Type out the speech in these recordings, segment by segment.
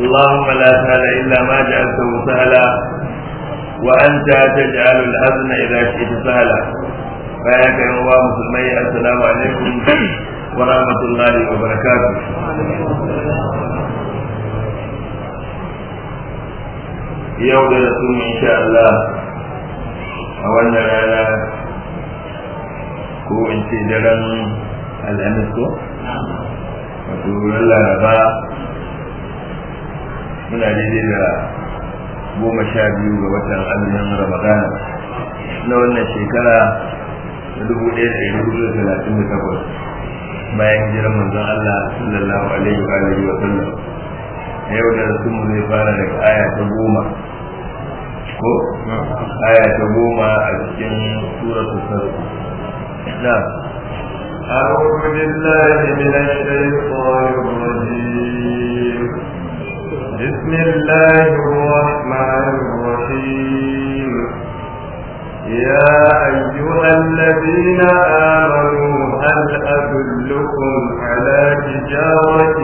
اللهم لا سهل إلا ما جعلته سهلا وأنت تجعل الحزن إذا شئت سهلا فيا كريم الله مسلمي السلام عليكم ورحمة الله وبركاته yau da ان insha Allah a wannan rana ko in ce daren alhamis ko wato laraba muna daidai da goma sha biyu ga watan azumin ramadan na wannan shekara na dubu ɗaya da ɗari hudu da talatin da takwas bayan hijirar manzon Allah sallallahu alaihi wa alihi wa sallam yau da rasul mu zai fara daga aya ta goma ko aya ta goma a cikin suratul sarki na'am أعوذ بالله من الشيطان الرجيم بسم الله الرحمن الرحيم يا أيها الذين آمنوا هل أدلكم على تجارة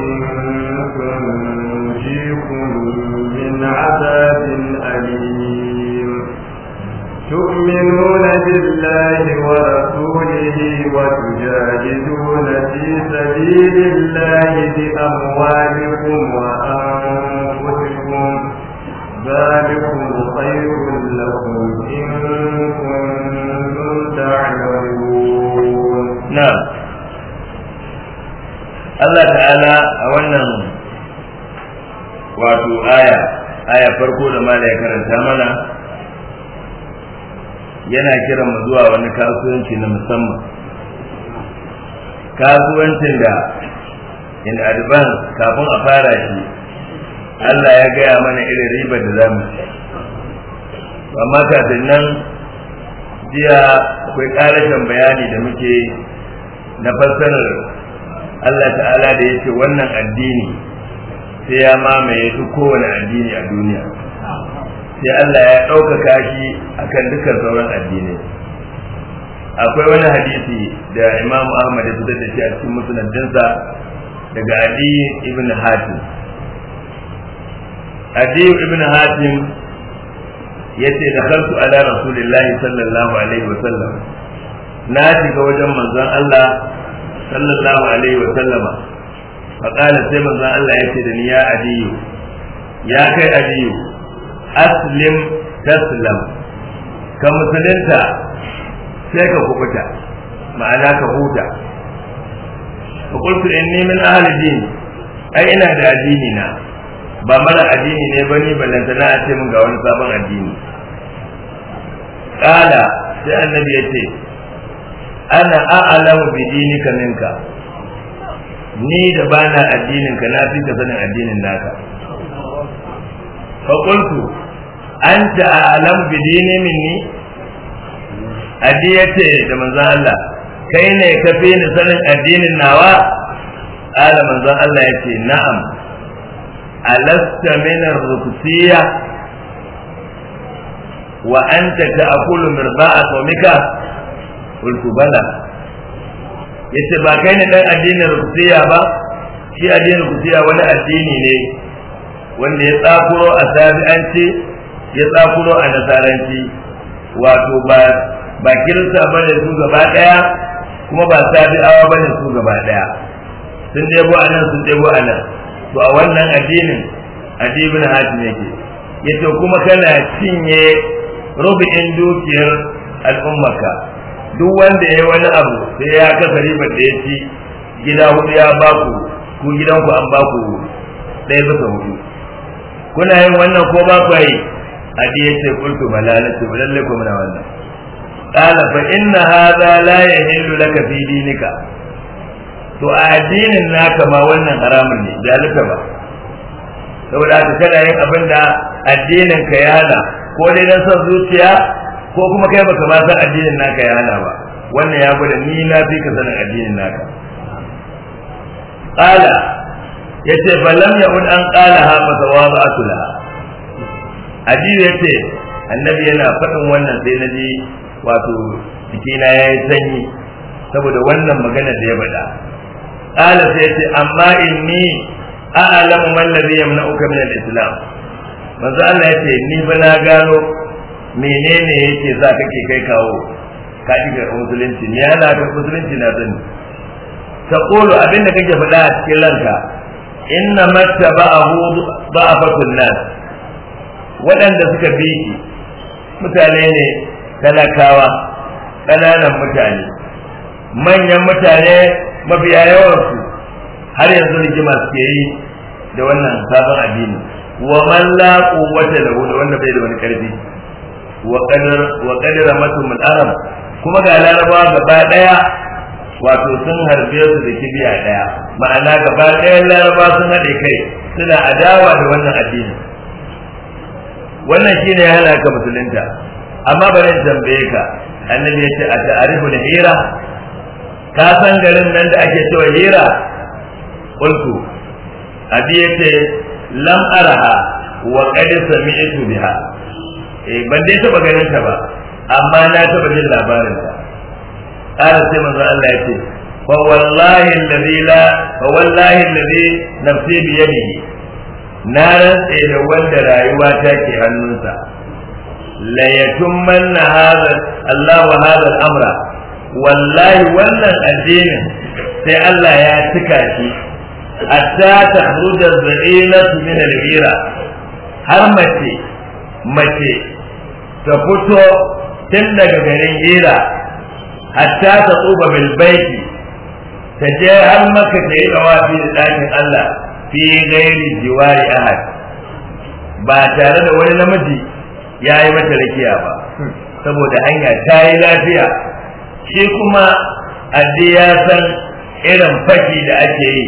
تنجيكم من عذاب أليم تؤمنون بالله ورسوله وتجاهدون في سبيل الله بأموالكم وأنفسكم ذلكم خير لكم إن كنتم تعلمون نعم الله تعالى أولا wato آية آية farko da لا ya karanta yana kiran mu zuwa wani kasuwanci na musamman kasuwancin da in advance kafin a fara shi Allah ya gaya mana irin ribar da za mu ci amma kafin nan jiya akwai ƙarashin bayani da muke na fassarar Allah ta'ala da ya ce wannan addini sai ya mamaye duk kowane addini a duniya sai Allah ya ɗaukaka shi akan dukkan sauran addini akwai wani hadisi da Imam Ahmad ya fitar da shi a cikin musnadinsa daga Adi ibn Hatim Adi ibn Hatim yace da kansu ala Rasulillah sallallahu alaihi wa sallam na shiga wajen manzon Allah sallallahu alaihi wa sallama fa sai manzon Allah yace da ni ya Adiyu ya kai Adiyu aslim taslam ka musulunta sai ka kubuta ma'ana ka huta fa qultu inni min ahli din ai ina da addini na ba mara addini ne bane ballanta na ce mun ga wani sabon addini kala sai annabi ya ce ana a'lamu bi dinika minka ni da bana addinin ka na fi ka sanin addinin naka fa qultu anta alam bidini minni aji yace da manzon Allah kai ne ka fi ni sanin addinin nawa ala manzon Allah yace na'am alasta min ar-rukusiyya wa anta yace ba kai ne dan addinin rukusiyya ba shi addinin rukusiyya wani addini ne wanda ya tsakuro a sabi'anci ya tsakuro a nasaranci wato ba ba kirista ne su gaba daya kuma ba sabi'awa ne su gaba daya sun debo a nan sun debo a nan to a wannan addinin addinin hatim yake ce kuma kana cinye rubin dukiyar al'ummaka duk wanda ya wani abu sai ya kasa ribar da ya ci gida hudu ya baku ku gidanku an baku ɗaya bisa hudu kuna yin wannan ko ba ku yi adi yace qultu balalatu lalle ko muna wannan qala fa inna hadha la yahillu laka fi dinika to a addinin naka ma wannan haramun ne da laka ba saboda ka kada yin abin da addinin ka ya hana ko dai na san zuciya ko kuma kai baka ba san addinin naka ya hana ba wannan ya gwada ni na fi ka sanin addinin naka qala yace falam yaud an qala ha fa sawaba atulaha ajiyu ya ce annabi yana faɗin wannan sai na ji wato jikina ya yi sanyi saboda wannan magana da ya bada ƙala sai ce amma in a a'lamu mallabi ya yamna'uka uka minar islam manzo Allah ya ce ni ba na gano menene yake ka kake kai kawo ka ji musulunci ni yana ga musulunci na zan ta kolo abinda kake faɗa a cikin ranka inna matta a ba'afatun nas waɗanda suka bi shi mutane ne talakawa ƙananan mutane manyan mutane mafiya yawansu har yanzu rigima suke yi da wannan sabon addini wa man la quwwata lahu wanda bai da wani karfi wa qadar wa qadara matum kuma ga larabawa gaba daya wato sun harbe su da kibiya ɗaya, ma'ana gaba daya larabawa sun hade kai suna adawa da wannan addini wannan shi ne ya hana ka musulunta amma bari tambaye ka annabi ya ce a ta'arifu da hira ka san garin nan da ake cewa hira qultu abi yace lam araha wa qad sami'tu biha eh ban dai taba ganin ta ba amma na taba jin labarin ta قال سيما الله يقول فوالله الذي لا فوالله الذي نفسي بيده na rantse da wanda rayuwa ta ke hannunsa la manna hadha Allah hadha al-amra wallahi wannan addinin sai Allah ya tuka shi hatta tahruja az min al hira. har mace mace ta fito tun daga garin gira hatta ta tsuba bil baiti ta je har maka ta yi dawafi da ɗakin Allah fi gairi jiwari ahad ba tare da wani namiji ya yi mata rakiya ba saboda hanya ta yi lafiya shi kuma addi ya san irin faki da ake yi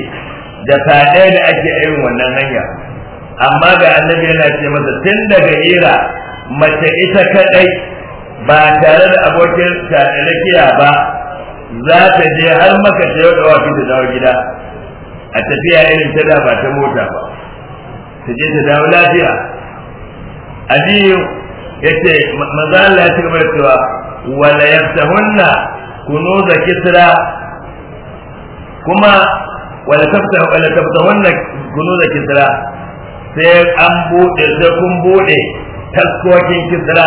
da sadai da ake irin wannan hanya amma ga annabi yana ce masa tun daga ira mace ita kaɗai, ba tare da abokin rakiya ba za ta je har maka ta yau da wafi da dawo gida a tafiya irin ta da ba ta mota ba ta je ta dawo lafiya aliyu ya ce maza Allah ya ci gaba da cewa wala kuno da kisra kuma wala tafta wala kuno da kisra sai an bude da kun bude taskokin kisra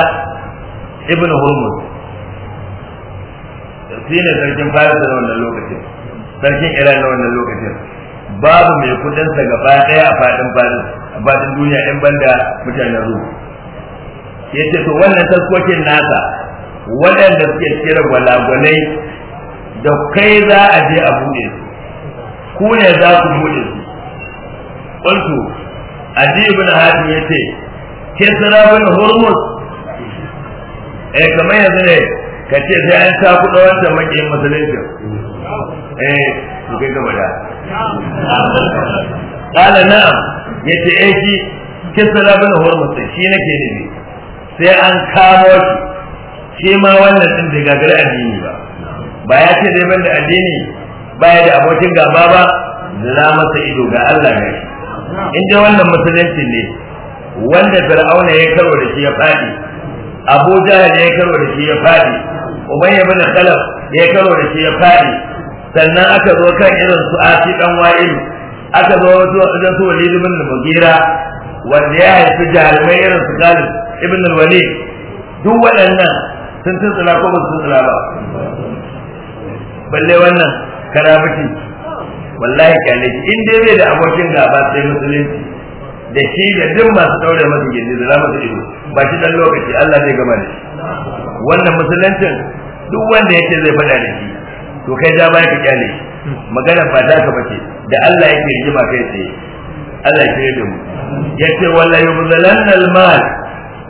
ibn hurmuz shine sarkin farisa na wannan lokacin sarkin iran na wannan lokacin babu mai kudin sa gaba daya a fadin fadin a fadin duniya in banda mutanen ru yace to wannan taskokin nasa waɗanda suke kira gwalagwalai da kai za a je a buɗe su ku ne za ku buɗe su qultu adi ibn hatim yace ke sarabin hormuz eh kamar yanzu ne ka ce sai an ta kuɗa wancan makiyin musulunci eh ku kai gaba da kala ya ce eh shi kisra bin hurmus shi na ke nufi sai an kamo shi shi ma wannan din da gagara addini ba ba ya ce dai ban da addini ba ya da abokin gaba ba Zira masa ido ga Allah ne in dai wannan musulunci ne wanda fir'auna ya karo da shi ya fadi abu jahal ya karo da shi ya fadi ubayya bin khalaf ya karo da shi ya fadi sannan aka zo kan irin su asi dan wa'il aka zo wato da su walid ibn al wanda ya haifi jarumai irin su galib ibn al-walid duk waɗannan sun tsala ko ba su tsala ba balle wannan karabati wallahi kyale in dai bai da abokin gaba sai musulunci da shi da duk masu daure masa gindi da zama su ido ba shi dan lokaci Allah zai gama da shi wannan musuluncin duk wanda yake zai faɗa da shi to kai ja baya ka kyale magana ba ta ka bace da Allah yake rigima kai tsaye Allah ya kire da mu yace wallahi yubzalanna almal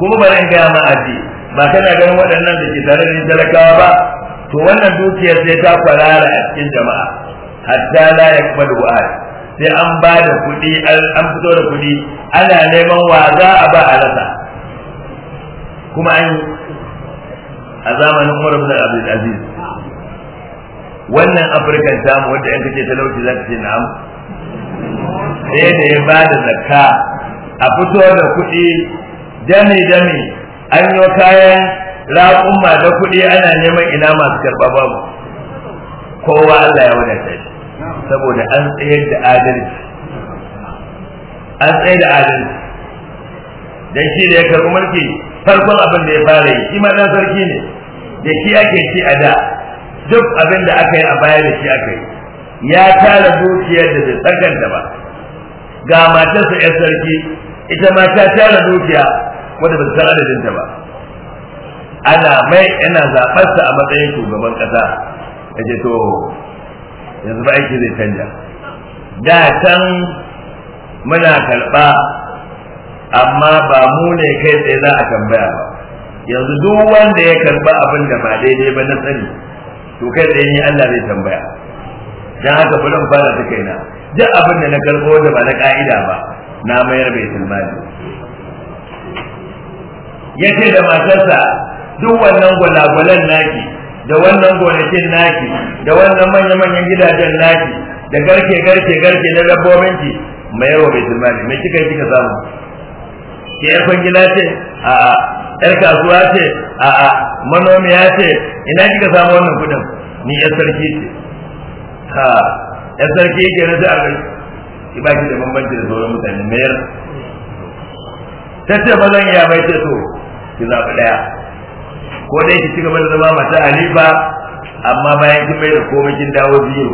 kuma baran ga ma aji ba kana ganin waɗannan da ke tare da talakawa ba to wannan dukiyar sai ta kwarara a cikin jama'a hatta la yakmalu ahad sai an ba da kuɗi an fito da kuɗi ana neman wa za a ba a rasa kuma an a zamanin Umar ibn Abdul Aziz wannan afirkan samu wadda yanka ce talauci za ka ce na'am sai da ya ba da zakka a fito da kuɗi dami dami an yi kayan raƙumma da kuɗi ana neman ina masu karɓa babu kowa Allah ya wadata shi saboda an tsayar da adalci an tsayar da adalci dan shi da ya karɓi mulki farkon abin da ya fara yi shi ma sarki ne da shi ake ci a da duk abin da aka yi a baya da shi aka yi ya tara dukiyar da bai tsakanta ba ga matarsa yar sarki ita ma ta tara dukiya wanda ba ta adadin ba ana mai yana zaɓarsa a matsayin shugaban ƙasa ya ce to yanzu ba aiki zai canja da can muna karɓa amma ba mu ne kai tsaye za a tambaya ba yanzu duk wanda ya karɓa abin da ba daidai ba na sani to kai da ni Allah zai tambaya dan haka bulan fara ta kaina duk abin da na karbo da ba na ka'ida ba na mayar bai tilmani ya ce da matarsa duk wannan gwalagwalan naki da wannan gonakin naki da wannan manya-manyan gidajen naki da garke-garke-garke na dabbobinki mayar wa bai tilmani mai kika yi kika samu ke yakon gida ce a yar kasuwa ce a'a manomiya ce ina kika samu wannan kudin ni yar sarki ce ha yar sarki ke na sai a ki baki da bambanci da sauran mutane mayar ta ce ba zan iya bai ce to ki zaɓi ɗaya ko dai ki cigaba da zama mata alifa amma bayan kin bai da komai kin dawo biyu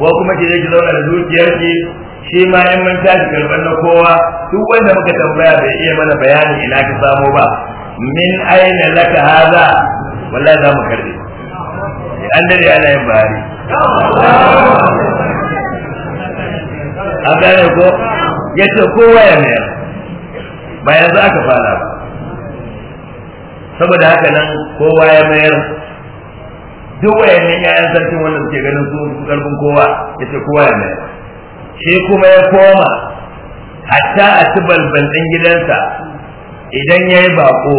ko kuma ki je ki zauna da zuciyarki shi ma in mun tashi karɓar na kowa duk wanda muka tambaya bai iya mana bayanin ina ka samo ba min aina laka haza wallahi za mu karɓe an dare ana yin bahari a gane ko ya ce kowa ya mayar ba yanzu aka fara ba saboda haka nan kowa ya mayar duk wayannan 'ya'yan sarkin wanda suke ganin su karfin kowa ya ce kowa ya mayar shi kuma ya koma hatta a ci balbalin gidansa idan ya yi bako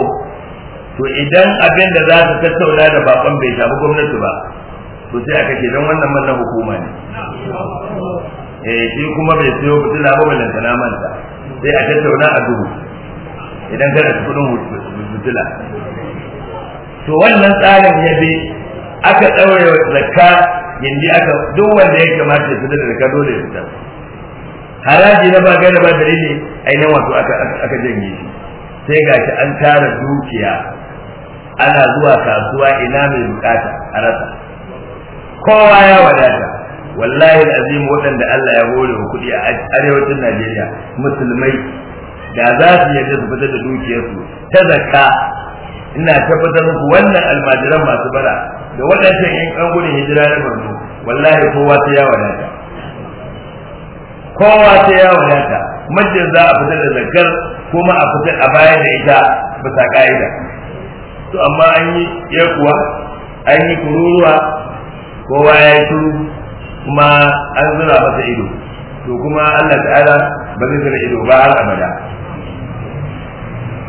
to idan abin da za su tattauna da bakon bai shafi gwamnati ba to sai aka ce don wannan manna hukuma ne eh shi kuma bai siyo fitila ba balanta na manta sai a tattauna a duhu idan kada su kudin fitila to wannan tsarin ya bi aka ɗaure zakka yanzu aka duk wanda ya kamata ya fita da ka dole ya fita haraji na ba ga da ba dalili ainihin wato aka janye shi sai ga shi an tara dukiya ana zuwa kasuwa ina mai bukata a rasa kowa ya wadata wallahi azim waɗanda Allah ya gode wa kuɗi a arewacin Najeriya musulmai da za su yarda su fitar da dukiyarsu ta zakka ina tabbatar muku wannan almajiran masu bara da waɗancan yan an gudun hijira da barno wallahi kowa ta ya wadata kowa ta ya wadata majin za a fita da zakar kuma a fita a bayar da ita bisa ka'ida to amma an yi yakuwa an yi kururuwa kowa ya yi turu kuma an zura masa ido to kuma Allah ta'ala ba zai zura ido ba har abada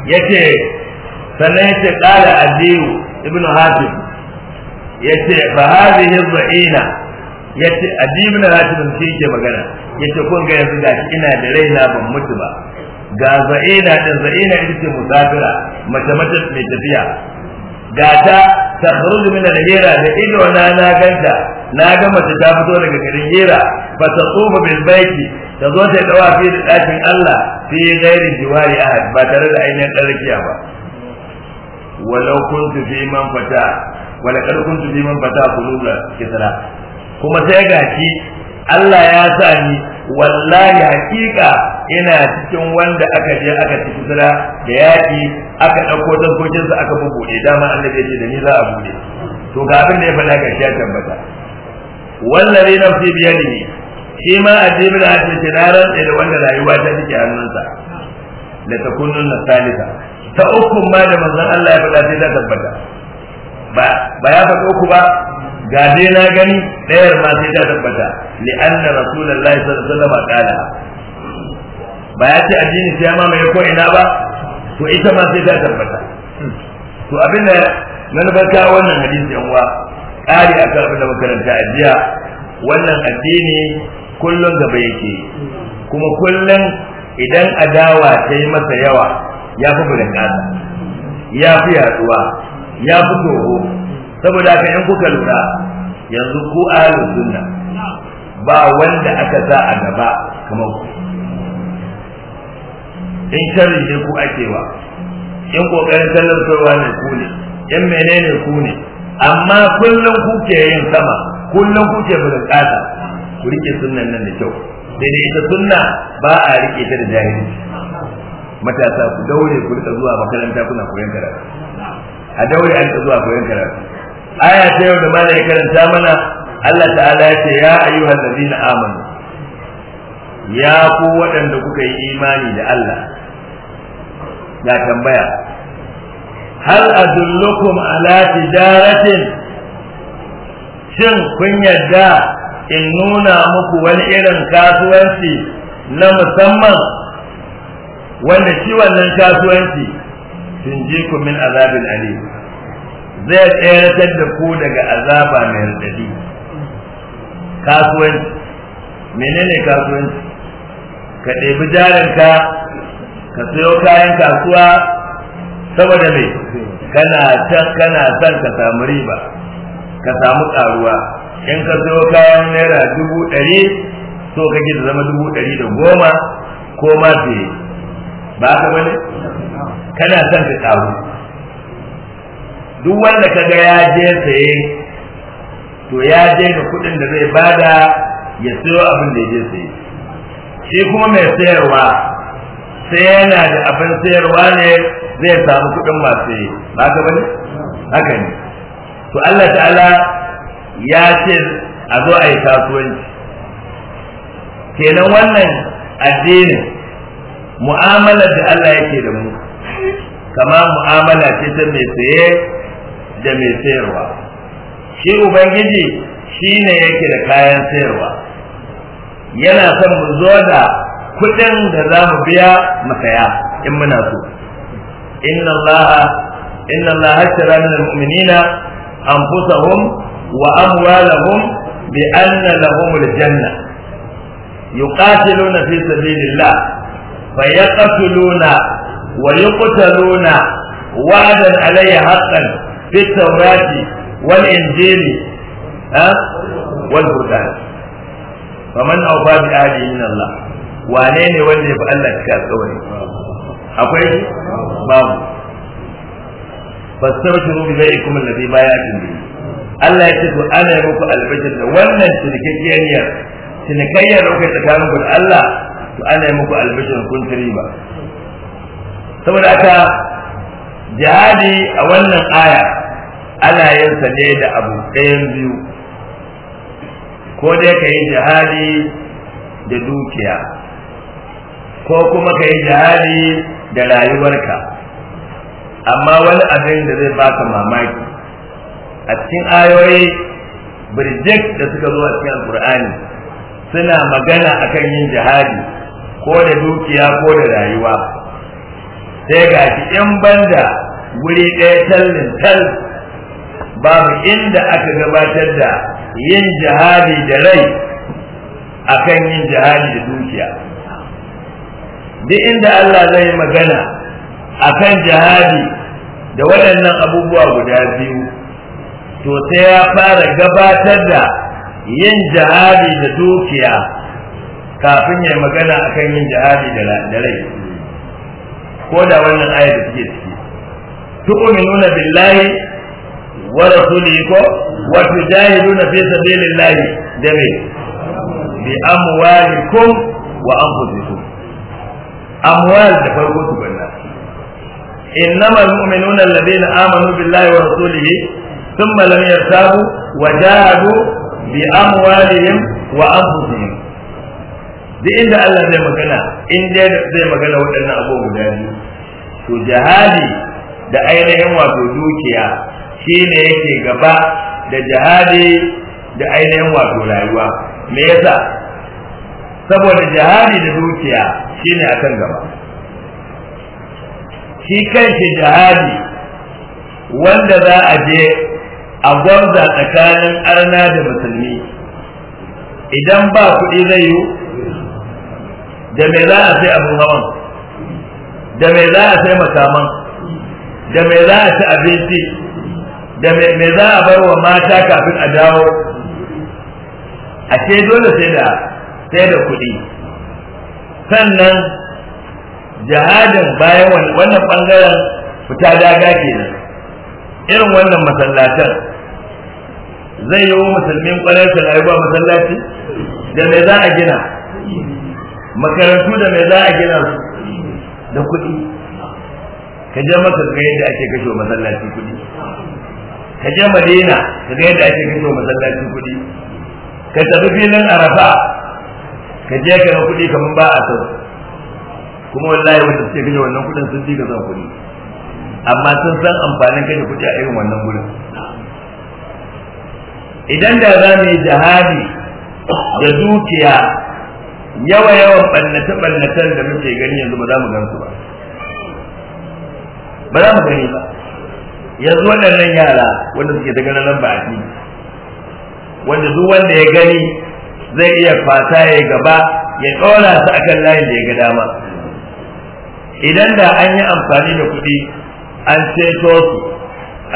yace sannan ya ce ƙala aliyu ibn hatim ya ce fa hadhihi dha'ina ya ce aliyu ibn hatim sun yake magana ya ce kun ga yanzu gashi ina da raina ban mutu ba ga za'ina da za'ina ita ce musafira mace mace mai tafiya ga ta ta kharuju min al-hira da ido na na ganta na ga mace ta fito daga garin hira fa ta tsufa bil baiti ta zo ta dawa fi da dakin Allah fi gairin jiwari ahad ba tare da ainihin ɗan ba walau kuntu fi man fata wala kad kuntu fi man fata kisra kuma sai shi Allah ya sa ni wallahi hakika ina cikin wanda aka je aka ci kisra da yaki aka dauko tankokin sa aka da dama Allah ya ce da ni za a bude to ga abin da ya fada ga ya tabbata wallahi fi biyadihi shi ma a da ake ce na da wanda rayuwa ta take hannunsa la takunun salisa ta uku ma da manzon Allah ya faɗa sai ta tabbata ba ba ya faɗa uku ba ga dai na gani ɗayar ma sai ta tabbata li anna rasulullahi sallallahu alaihi wasallam ba ya ce addini sai ma mai ko ina ba to ita ma sai ta tabbata to abin da na nufarka wannan hadisi yan uwa ƙari akan abin da makaranta a jiya wannan addini kullum gaba yake kuma kullum idan adawa ta yi masa yawa ya fi bulankasa ya fi yaduwa ya fi toho saboda ka in kuka lura yanzu ku ahlus sunna ba wanda aka sa a gaba kamar ku in sharri ne ku ake wa in kokarin tallarwa ne ku ne in menene ku ne amma kullum kuke yin sama kullum kuke bulankasa ku rike sunnan nan da kyau daidai ita sunna ba a rike ta da jahilci matasa ku daure ku rika zuwa makaranta kuna koyon karatu a daure an ka zuwa koyon karatu aya ta yau da malai karanta mana Allah ta'ala ya ce ya ayyuhal ladina amanu ya ku waɗanda kuka yi imani da Allah ya tambaya hal adullukum ala tijaratin shin kun yadda in nuna muku wani irin kasuwanci na musamman wanda shi wannan kasuwanci ku min azabin ali zai tsayar da ku daga azaba mai radadi kasuwanci menene kasuwanci ka ɗebi jarinka ka sayo kayan kasuwa saboda mai kana can kana son ka samu riba ka samu karuwa in ka sayo kayan naira dubu ɗari so ka da zama dubu ɗari da goma ko ma fiye ba ka bane kana son ka karu duk wanda kaga ya je saye to ya je da kuɗin da zai bada ya siyo abin da ya je saye shi kuma mai sayarwa sai yana da abin sayarwa ne zai samu kuɗin masu saye ba ka bane haka ne to Allah ta'ala ya ce a zo a yi kasuwanci kenan wannan addinin mu'amala da Allah yake da mu kama mu'amala ce ta mai saye da mai sayarwa shi ubangiji shi ne yake da kayan sayarwa yana son mu zo da kuɗin da za mu biya mu saya in muna so inna allaha shara min almu'minina anfusahum wa amwalahum bi anna lahum aljanna yuqatiluna fi sabilillah فيقتلون ويقتلون وعدا عليه حقا في التوراة والإنجيل أه؟ والقرآن فمن أوفى بآله من الله وأنين ولي فألا تكاثوني أقول بابو فاستبشروا ببيعكم الذي بايعتم به Allah ya ce to ana yi muku albishir da wannan cinikakkiyar cinikayyar da kuka tsakaninku da Allah to ana yi muku albishin kun ba saboda haka jihadi a wannan aya ana yin sa ne da abu ɗayan biyu ko dai ka yi jihadi da dukiya ko kuma ka yi jihadi da rayuwarka amma wani abin da zai baka mamaki a cikin ayoyi birjik da suka zo a cikin alkur'ani suna magana akan yin jihadi ko da dukiya ko da rayuwa sai ga shi in banda wuri ɗaya tallin tal babu inda aka gabatar da yin jihadi da rai akan yin jihadi da dukiya duk inda Allah zai magana akan jihadi da waɗannan abubuwa guda biyu to sai ya fara gabatar da yin jihadi da dukiya kafin ya magana akan yin jihadi da rai ko da wannan ayar da suke ciki tu'minuna billahi wa rasulihi ko wa fesa fi sabilillahi da me bi ko wa anfusikum amwal da farko su In tukunna nuna almu'minuna na amanu billahi wa rasulihi thumma lam yartabu wa jahadu bi yin wa anfusihim duk inda Allah zai magana in dai zai magana waɗannan abubuwa guda biyu to jihadi da ainihin wato dukiya shine yake gaba da jihadi da ainihin wato rayuwa me yasa saboda jihadi da dukiya shine akan gaba shi kanshi jihadi wanda za a je a gwamza tsakanin arna da musulmi idan ba kuɗi zai yiwu da me za a sai abin hawan da me za a sai makaman da me za a ci abinci da me za a bai wa mata kafin a dawo ashe dole sai da sai da kuɗi sannan jihadin bayan wannan bangaren fita daga kenan irin wannan masallatan zai yi wa musulmin kwarar yi ba masallaci da me za a gina makarantu da mai za a gina su da kuɗi ka je masa ga yadda ake kashe masallaci kuɗi ka je madina ka ga yadda ake kashe masallaci kuɗi ka tafi filin arafa ka je ka ga kuɗi kamar ba a sau kuma wallahi wanda suke kashe wannan kuɗin sun ji ka zan kuɗi amma sun san amfanin kashe kuɗi a irin wannan gurin idan da za mu yi jihadi da dukiya yawa yawan ɓannace ɓannacen da muke gani yanzu ba za mu gan su ba ba za mu gani ba yanzu waɗannan yara wanda suke daga nan lamba a wanda duk wanda ya gani zai iya fata ya gaba ya ɗora su akan layin da ya ga dama idan da an yi amfani da kuɗi an ceto su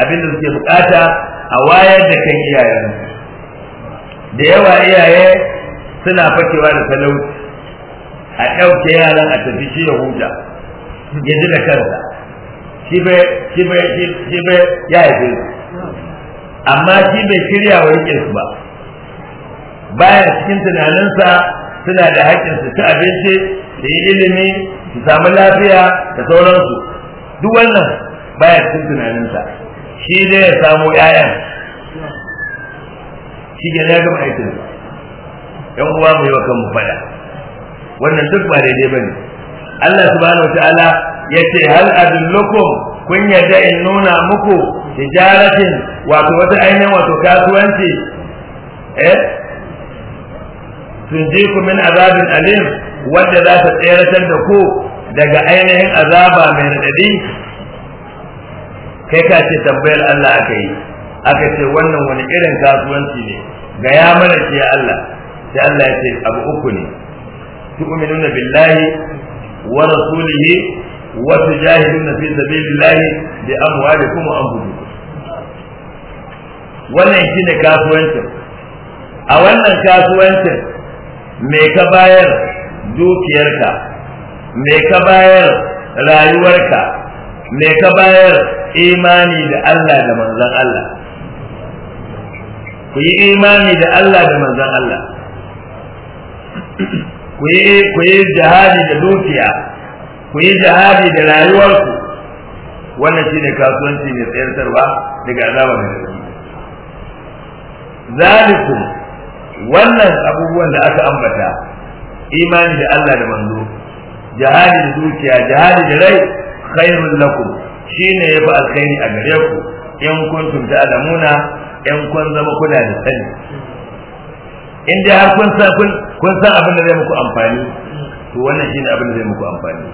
abinda suke bukata a wayar da kan iyayen da yawa iyaye suna fakewa da talauci a ɗauke yaran a tafi shi ya huta ya ji da kansa shi bai ya yi amma shi bai shirya wa yake su ba baya cikin tunaninsa suna da haƙƙin su ci abinci su yi ilimi su samu lafiya da sauransu duk wannan baya cikin tunaninsa shi dai ya samu 'ya'yan shi ya gama aikinsa yan uwa mu yi wa kanmu fada wannan duk ba daidai bane Allah subhanahu ya ce hal adullukum kun yadda in nuna muku tijaratin wato wata ainihin wato kasuwanci eh tunjiku min azabin alim wanda za ta tseratar da ku daga ainihin azaba mai raɗaɗi kai ka ce tambayar Allah aka yi aka ce wannan wani irin kasuwanci ne ga ya mana ce Allah sai Allah ya ce abu uku ne tu'minuna billahi wa rasulihi wa tujahiduna fi sabilillahi bi amwalikum wa anfusikum wannan shine kasuwancin a wannan kasuwancin me ka bayar dukiyarka me ka bayar rayuwarka me ka bayar imani da Allah da manzon Allah ku yi imani da Allah da manzon Allah ku yi ku yi jihadi da dukiya ku yi jihadi da rayuwarku wannan shine kasuwanci mai tsayarwa daga azaba mai rauni zalikum wannan abubuwan da aka ambata imani da Allah da manzo jihadi da dukiya jihadi da rai khairul lakum shine yafi alkhairi a gare ku in kuntum ta'lamuna in kun zama kuna da sani in dai har kun san kun san abin da zai muku amfani to wannan shine abin da zai muku amfani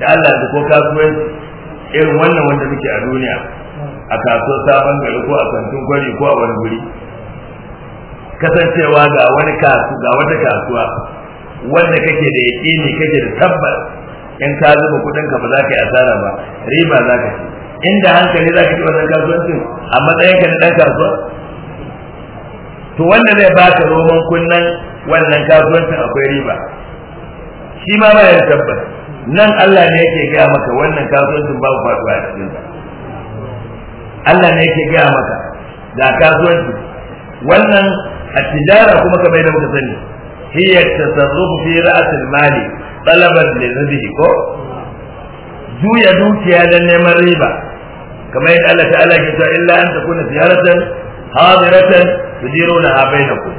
da Allah da ko kasuwanci irin wannan wanda muke a duniya a kasuwar sabon gari ko a kantin gwari ko a wani guri kasancewa ga wani kasu ga wata kasuwa wanda kake da yaƙini kake da tabbas in ka zuba kuɗin ka ba za ka yi asara ba riba za ka ci inda hankali za ka ci wannan kasuwancin a matsayin ka na ɗan kasuwa to wanda zai baka roman kunnan wannan kasuwancin akwai riba shi ma ba ya tabbas nan Allah ne yake gaya maka wannan kasuwancin babu faduwa a cikin Allah ne yake gaya maka ga kasuwancin wannan at-tijara kuma ka bai da muka sani hiya tasarrufu fi ra'sil mali talaban lirbihi ko juya dukiya dan neman riba kamar yadda Allah ta'ala ke cewa illa an takuna ziyaratan hadiratan tudiruna ha bainakum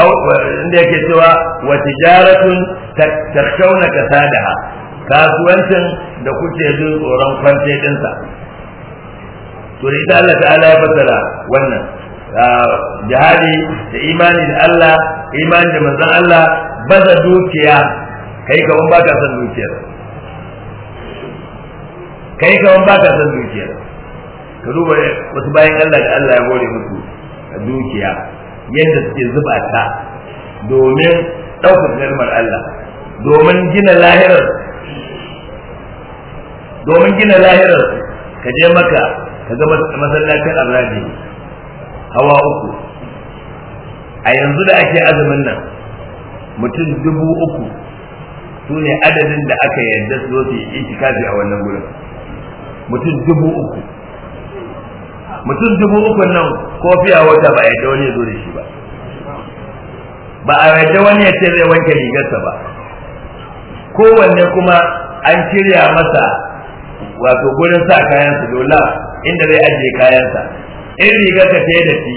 aw inda yake cewa wa tijaratun takshawna kasadaha kasuwancin da kuke jin tsoron kwance dinsa to ita Allah ta'ala ya fassara wannan jihadi da imani da Allah imani da manzon Allah baza dukiya kai kaman baka san dukiyar kai kaman baka san dukiyar ka duba wasu bayan Allah da Allah ya gode musu a dukiya yadda suke zuba ta domin ɗaukar kalmar Allah domin gina lahirar domin gina lahirar ka je maka ka ga masallacin arrabi hawa uku a yanzu da ake azumin nan mutum dubu uku su ne adadin da aka yarda su zo su yi a wannan gurin mutum dubu uku mutum dubu uku nan kofiya wata ba a wani ya zo da shi ba ba a yadda wani ya ce zai wanke rigarsa ba kowanne kuma an shirya masa wato gurin sa kayansa dola inda zai ajiye kayansa in rigar ka ta da shi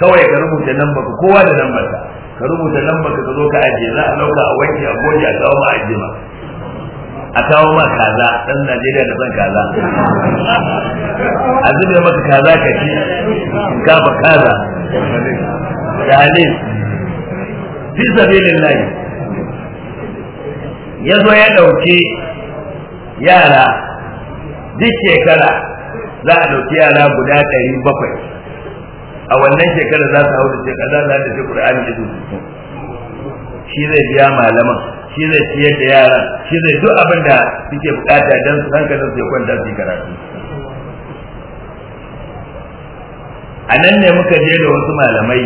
kawai ka rubuta nan baka kowa da nan ka rubuta nan ka zo ka ajiye za a lauka a wanke a goge a kawo ma ajiye ma a kawo ma kaza dan Najeriya da son kaza a zube maka kaza ka ci ba kaza da halin fi layi. ya zo ya ɗauki yara duk shekara za a dauki yara guda ɗari bakwai a wannan shekara za su hau da shekara za su hau da shekara da shi zai biya malaman shi zai ciyar da yaran shi zai duk abin da suke bukata don su hankalin su ya kwanta su karatu a nan ne muka je da wasu malamai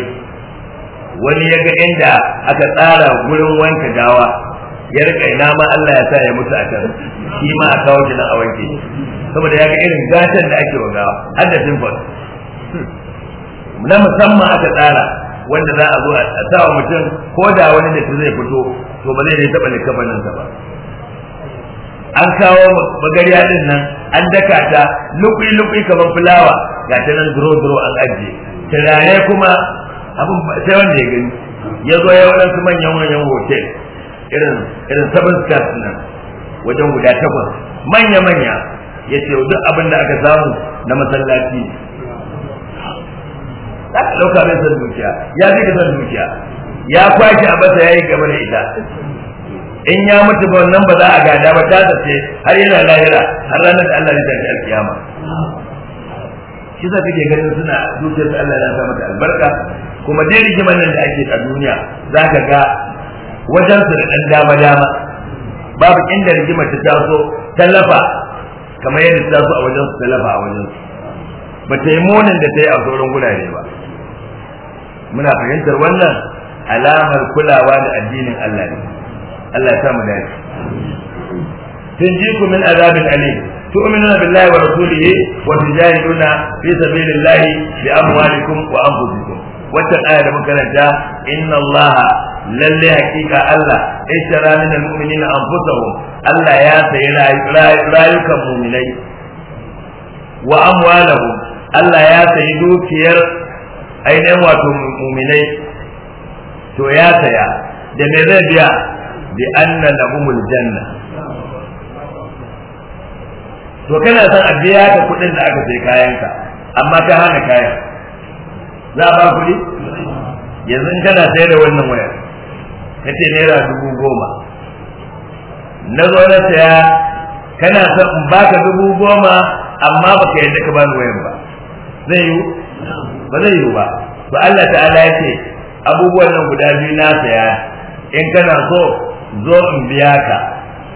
wani ya ga inda aka tsara gurin wanka gawa ya rika ina ma Allah ya sa ya mutu a can shi ma a kawo shi a wanke saboda ya ga irin gatan da ake wa gawa har da simfon na musamman aka tsara wanda za a zo a sa wa mutum ko da wani da zai fito to ba zai taɓa nan ba an kawo magariya din nan an daka ta lukui lukui kamar fulawa ga ta nan duro duro an ajiye turare kuma abin sai wanda ya gani ya zo ya su manyan manyan hotel irin irin seven stars nan wajen guda takwas manya manya ya ce duk abin da aka samu na masallaci za ka ɗauka mai dukiya ya zai ka son dukiya ya kwashi a masa ya yi gaba da ita in ya mutu ba wannan ba za a gada ba ta sace har yana lahira har ranar da Allah ya tafi alkiyama shi za ke ganin suna zuciyar Allah ya sa mata albarka kuma dai rigiman nan da ake a duniya za ka ga wajen su da ɗan dama dama babu inda rigimar ta taso tallafa kamar yadda ta taso a wajen su tallafa a wajen su ba ta yi munin da ta yi a sauran gurare ba muna fahimtar wannan alamar kulawa da addinin Allah ne Allah ya sa mu dace tunjiku min azabin alim tu'minuna billahi wa rasulihi wa tujahiduna fi sabilillahi bi amwalikum wa anfusikum wannan aya da makaranta inna Allah lalle hakika Allah ishtara min almu'minina anfusahum Allah ya sayi rayukan mu'minai wa amwalahum Allah ya sayi dukiyar ainihin wato mu'minai to ya saya da me zai biya bi anna lahumul janna to kana son a biya ka kuɗin da aka sai kayanka amma ka hana kayan za a ba kuɗi yanzu kana sayar da wannan wayar kace naira dubu goma na zo na saya kana son in baka dubu goma amma baka yadda ka bani wayar ba zai yiwu ba zai yiwu ba to Allah ta'ala ya ce abubuwan nan guda biyu na saya in kana so zo in biya ka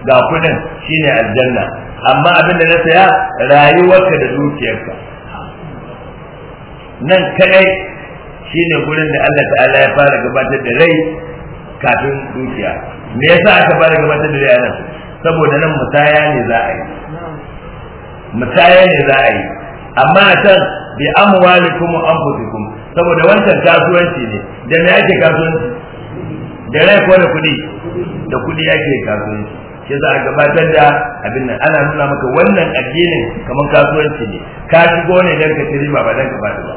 ga kudin shine aljanna amma abin da na saya rayuwarka da dukiyarka nan kadai shine gurin da Allah ta'ala ya fara gabatar da rai kafin dukiya me yasa aka fara gabatar da rai nan saboda nan musaya ne za a yi musaya ne za a yi amma a can bi amwalikum wa anfusikum saboda wancan kasuwanci ne da me yake kasuwanci da rai ko da kuɗi da kuɗi yake kasuwanci shi za a gabatar da abin nan ana nuna maka wannan addinin kamar kasuwanci ne ka shigo ne dan ka tiri ba dan ka fadi ba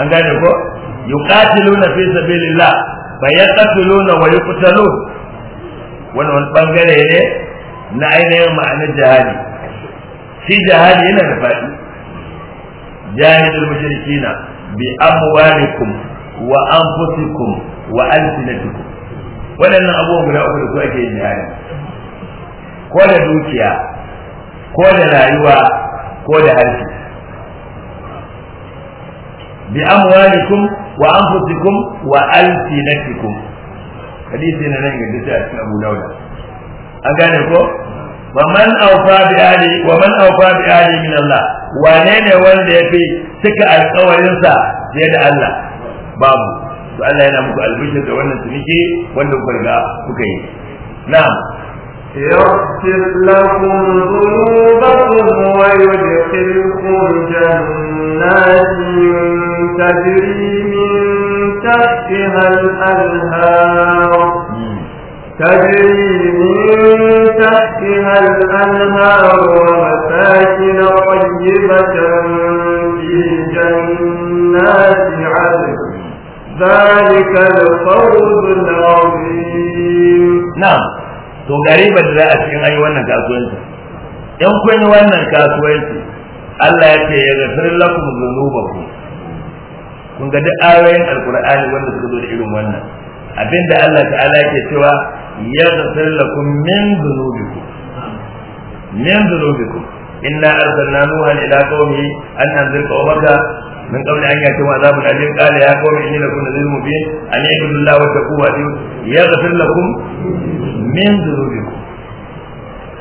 an gane ko yuqatiluna fi sabilillah fa yaqtuluna wa yuqtalun wannan wani bangare ne na ainihin ma'anar jihadi shi jihadi yana da faɗi jahilul mushrikina bi amwalikum wa anfusikum wa alsinatikum waɗannan abubuwan guda uku da su ake yin jihadi ko da dukiya ko da rayuwa ko da harshe bi amwalikum wa anfusikum wa alsinatikum hadisi na nan gaggata a cikin Abu Dawud an gane ko wa man awfa bi ali wa man awfa bi ali min Allah wane ne wanda yafi cika alkawarinsa fiye da Allah babu to Allah yana muku albishir da wannan ciniki wanda kuka riga kuka yi na'am يغفر لكم ذنوبكم ويدخلكم جنات تجري من تحتها الأنهار تجري من تحتها الأنهار ومساكن طيبة في جنات عدن ذلك الفوز العظيم نعم to ba da za a cikin ayi wannan kasuwanci in kun yi wannan kasuwanci Allah ya ce ya gafir lakum dhunubakum kun ga duk ayoyin alqur'ani wanda suka zo da irin wannan abinda Allah ta'ala ke cewa ya yaghfir lakum min dhunubikum min dhunubikum inna arsalna nuhan ila qaumi an anzir qaumaka من قبل أن يأتوا عذاب أليم قال يا قوم إني لكم نذير مبين أن اعبدوا الله واتقوه يغفر لكم من ذنوبكم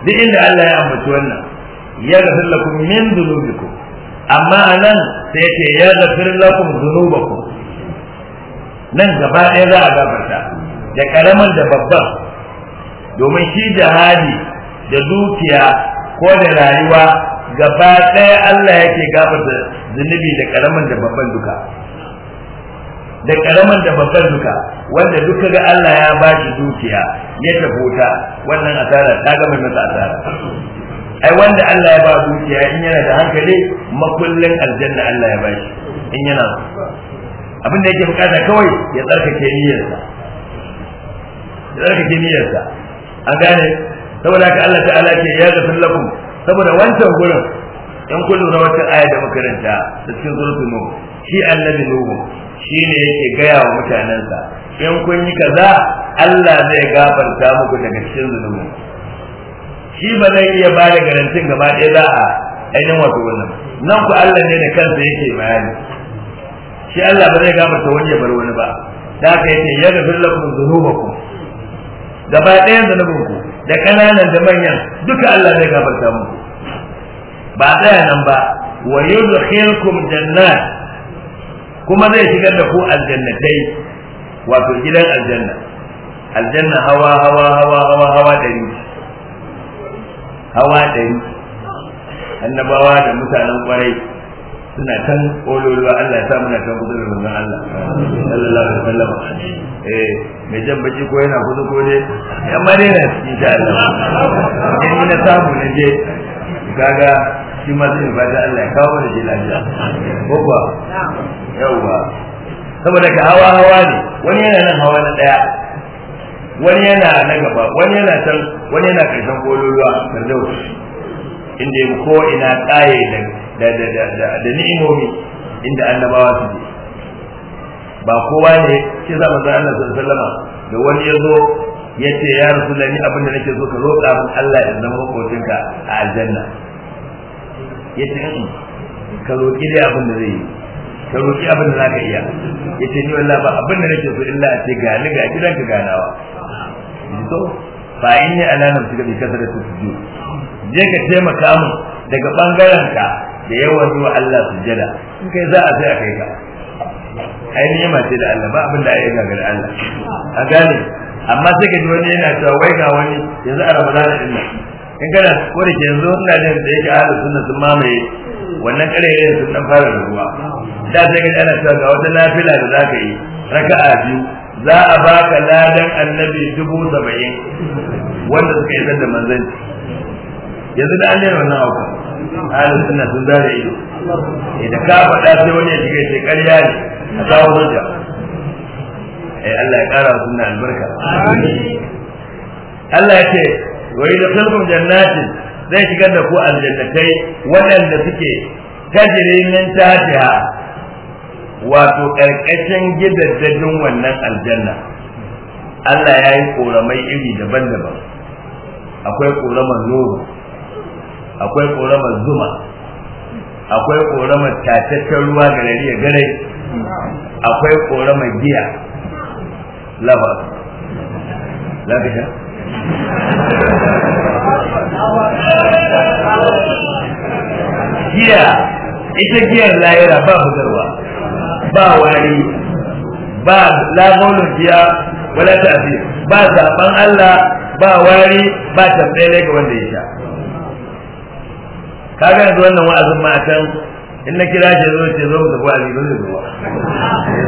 duk inda Allah ya ambaci wannan ya gafir lakum min dhunubikum amma anan sai yake ya gafir lakum dhunubakum nan gaba ɗaya za a gafarta da karaman da babban domin shi da hali da dukiya ko da rayuwa gaba ɗaya Allah yake gafarta zunubi da karaman da babban duka da karaman da babban duka wanda duka ga Allah ya ba shi dukiya ya tafuta wannan asara ta gama masa asara ai wanda Allah ya ba dukiya in yana da hankali makullin aljanna Allah ya ba shi in yana abin da yake bukata kawai ya tsarkake niyyarsa ya tsarkake niyyarsa an gane saboda haka Allah ta'ala ke ya gafir lakum saboda wancan gurin in kun lura wata aya da makaranta da cikin zurfi mu shi annabi nuhu ne yake gaya wa mutanensa in kun yi kaza Allah zai gafarta muku daga cikin zunubi shi ba zai iya ba da garantin gaba ɗaya za a ainihin wato wannan nan ku Allah ne da kansa yake bayani shi Allah ba zai gafarta wani ya bar wani ba da aka yace ya gafir lakum dhunubakum gaba ɗayan zanubin ku da ƙananan da manyan duka Allah zai gafarta muku ba tsaya nan ba wa yudkhilkum jannat kuma zai shigar da ku aljannatai wato gidan aljanna aljanna hawa hawa hawa hawa hawa dari hawa dari annabawa da mutanen kwarai suna kan kololuwa Allah ya sa muna kan kudu da manzon Allah sallallahu alaihi wasallam eh mai jan baki ko yana kudu ko ne amma dai na cikin sha Allah in na samu na je kaga shi ma zai ba da Allah ya kawo mana je lafiya ko ba yawa saboda ka hawa hawa ne wani yana nan hawa na daya wani yana na gaba wani yana can wani yana karshen kololuwa sardaus inda ko ina tsaye da da ni'imomi inda annabawa su je ba kowa ne ke za manzo Allah sallama da wani ya zo ya ce ya rasu da ni abin da nake so ka zo min Allah ya zama makocinka a aljanna ya ce mm, ka roƙi dai abin da zai yi ka roƙi abin da za ka iya ya ce ni wallah ba abin da nake so illa a ce ga ni ga gidanka ganawa to fa inni su nafsika bi da su je ka taimaka min daga bangaren ka da yawa zuwa Allah sujjada in kai za a sai a kai ka ainihin ni'ima ce da Allah ba abin da ai ga gari Allah a gane amma sai ka ji wani yana cewa wai ga wani yanzu a Ramadan din nan in kana ko da yanzu ina jin da yake ahlus sunna sun mamaye wannan karerin sun dan fara ruwa da sai ka ji ana cewa ga wata nafila da zaka yi raka'a biyu za a baka ladan annabi dubu saba'in wanda suka yi da manzanci yanzu da an yi wannan aukar ahlus sunna sun zare ido eh da ka faɗa sai wani ya shiga sai ƙarya ne a kawo hujja eh Allah ya ƙara wa sunna albarka Allah ya ce wa yadkhulukum jannatin zai shiga da ku aljannatai waɗanda suke tajiri min tahtiha wato ƙarƙashin gidaddajin wannan aljanna Allah ya yi ƙoramai iri daban-daban akwai ƙoramar nuru akwai ƙoramar zuma akwai ƙoramar tataccen ruwa garari ya gare akwai ƙoramar giya labar. za giya ita giyar layira ba bugarwa ba wari ba lamunin giya wala ba zaben Allah ba wari ba tambaye ga wanda ya sha kaga yanzu wannan wa'azin ma a can in na kira shi zo ce zo ga wa'azi ba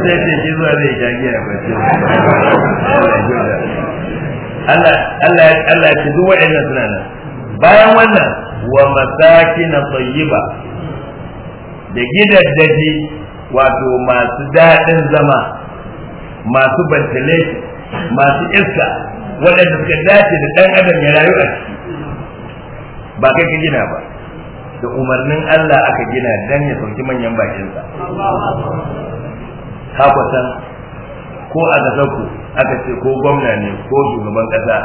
zai zo ba sai ce shi zuwa zai shagi a bace Allah Allah Allah ya duk wa'annan suna nan bayan wannan wa masaki masakin ba. da gidaddaji wato masu daɗin zama masu bantale masu iska waɗanda suka dace da ɗan adam ya rayu a ciki ba kai ka gina ba da umarnin Allah aka gina dan ya sauki manyan bakinsa kakwatan ko a gasaku aka ce ko gwamna ne ko shugaban kasa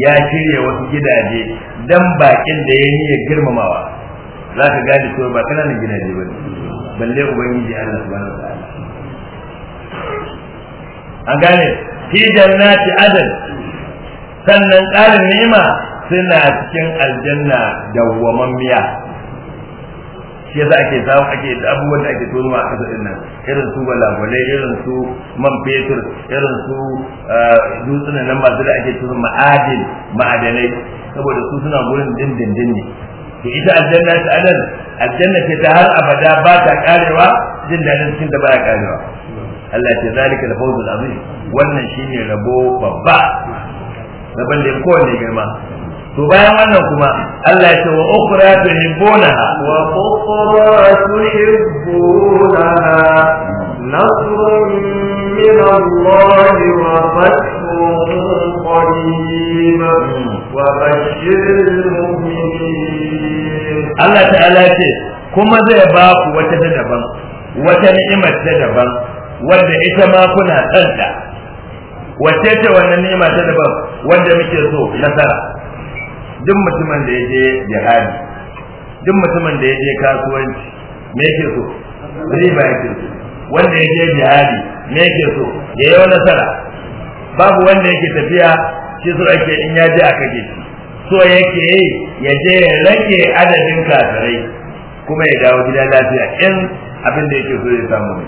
ya shirya wasu gidaje dan bakin da ya niyyar girmamawa za ka gane cewa ba kananan gidaje ba ne balle ubangiji Allah subhanahu wa ta'ala an gane fi jannati adal sannan ƙarin ni'ima suna cikin aljanna dawwamammiya shi yasa ake samu ake da abubuwan da ake tono a kasa nan irin su balagwale irin su man fetur irin su eh, dutsunan nan masu da ake tono ma'adin ma'adanai saboda su suna gurin dindindin ne to ita aljanna ta adan aljanna ce ta har abada ba ta karewa jin dadin cikin da baya karewa Allah ce zalika da fawzul azim wannan shine rabo babba rabon da kowanne girma to bayan wannan kuma Allah ya ce wa ukhra tuhibbunaha wa ukhra tuhibbunaha nasrun min Allah wa fathun qarib wa bashiril mu'minin Allah ta'ala ce kuma zai ba ku wata da daban wata ni'imar ta daban wanda ita ma kuna tsanta wacce ce wannan ni'ima ta daban wanda muke so nasara duk mutumin da ya je jihadi duk mutumin da ya kasuwanci me yake so riba yake so wanda ya jihadi me yake so ya yi nasara babu wanda yake tafiya shi so ake in ya je a kage shi so yake yi ya je ya rage adadin kasarai kuma ya dawo gida lafiya in abin da yake so ya samu ne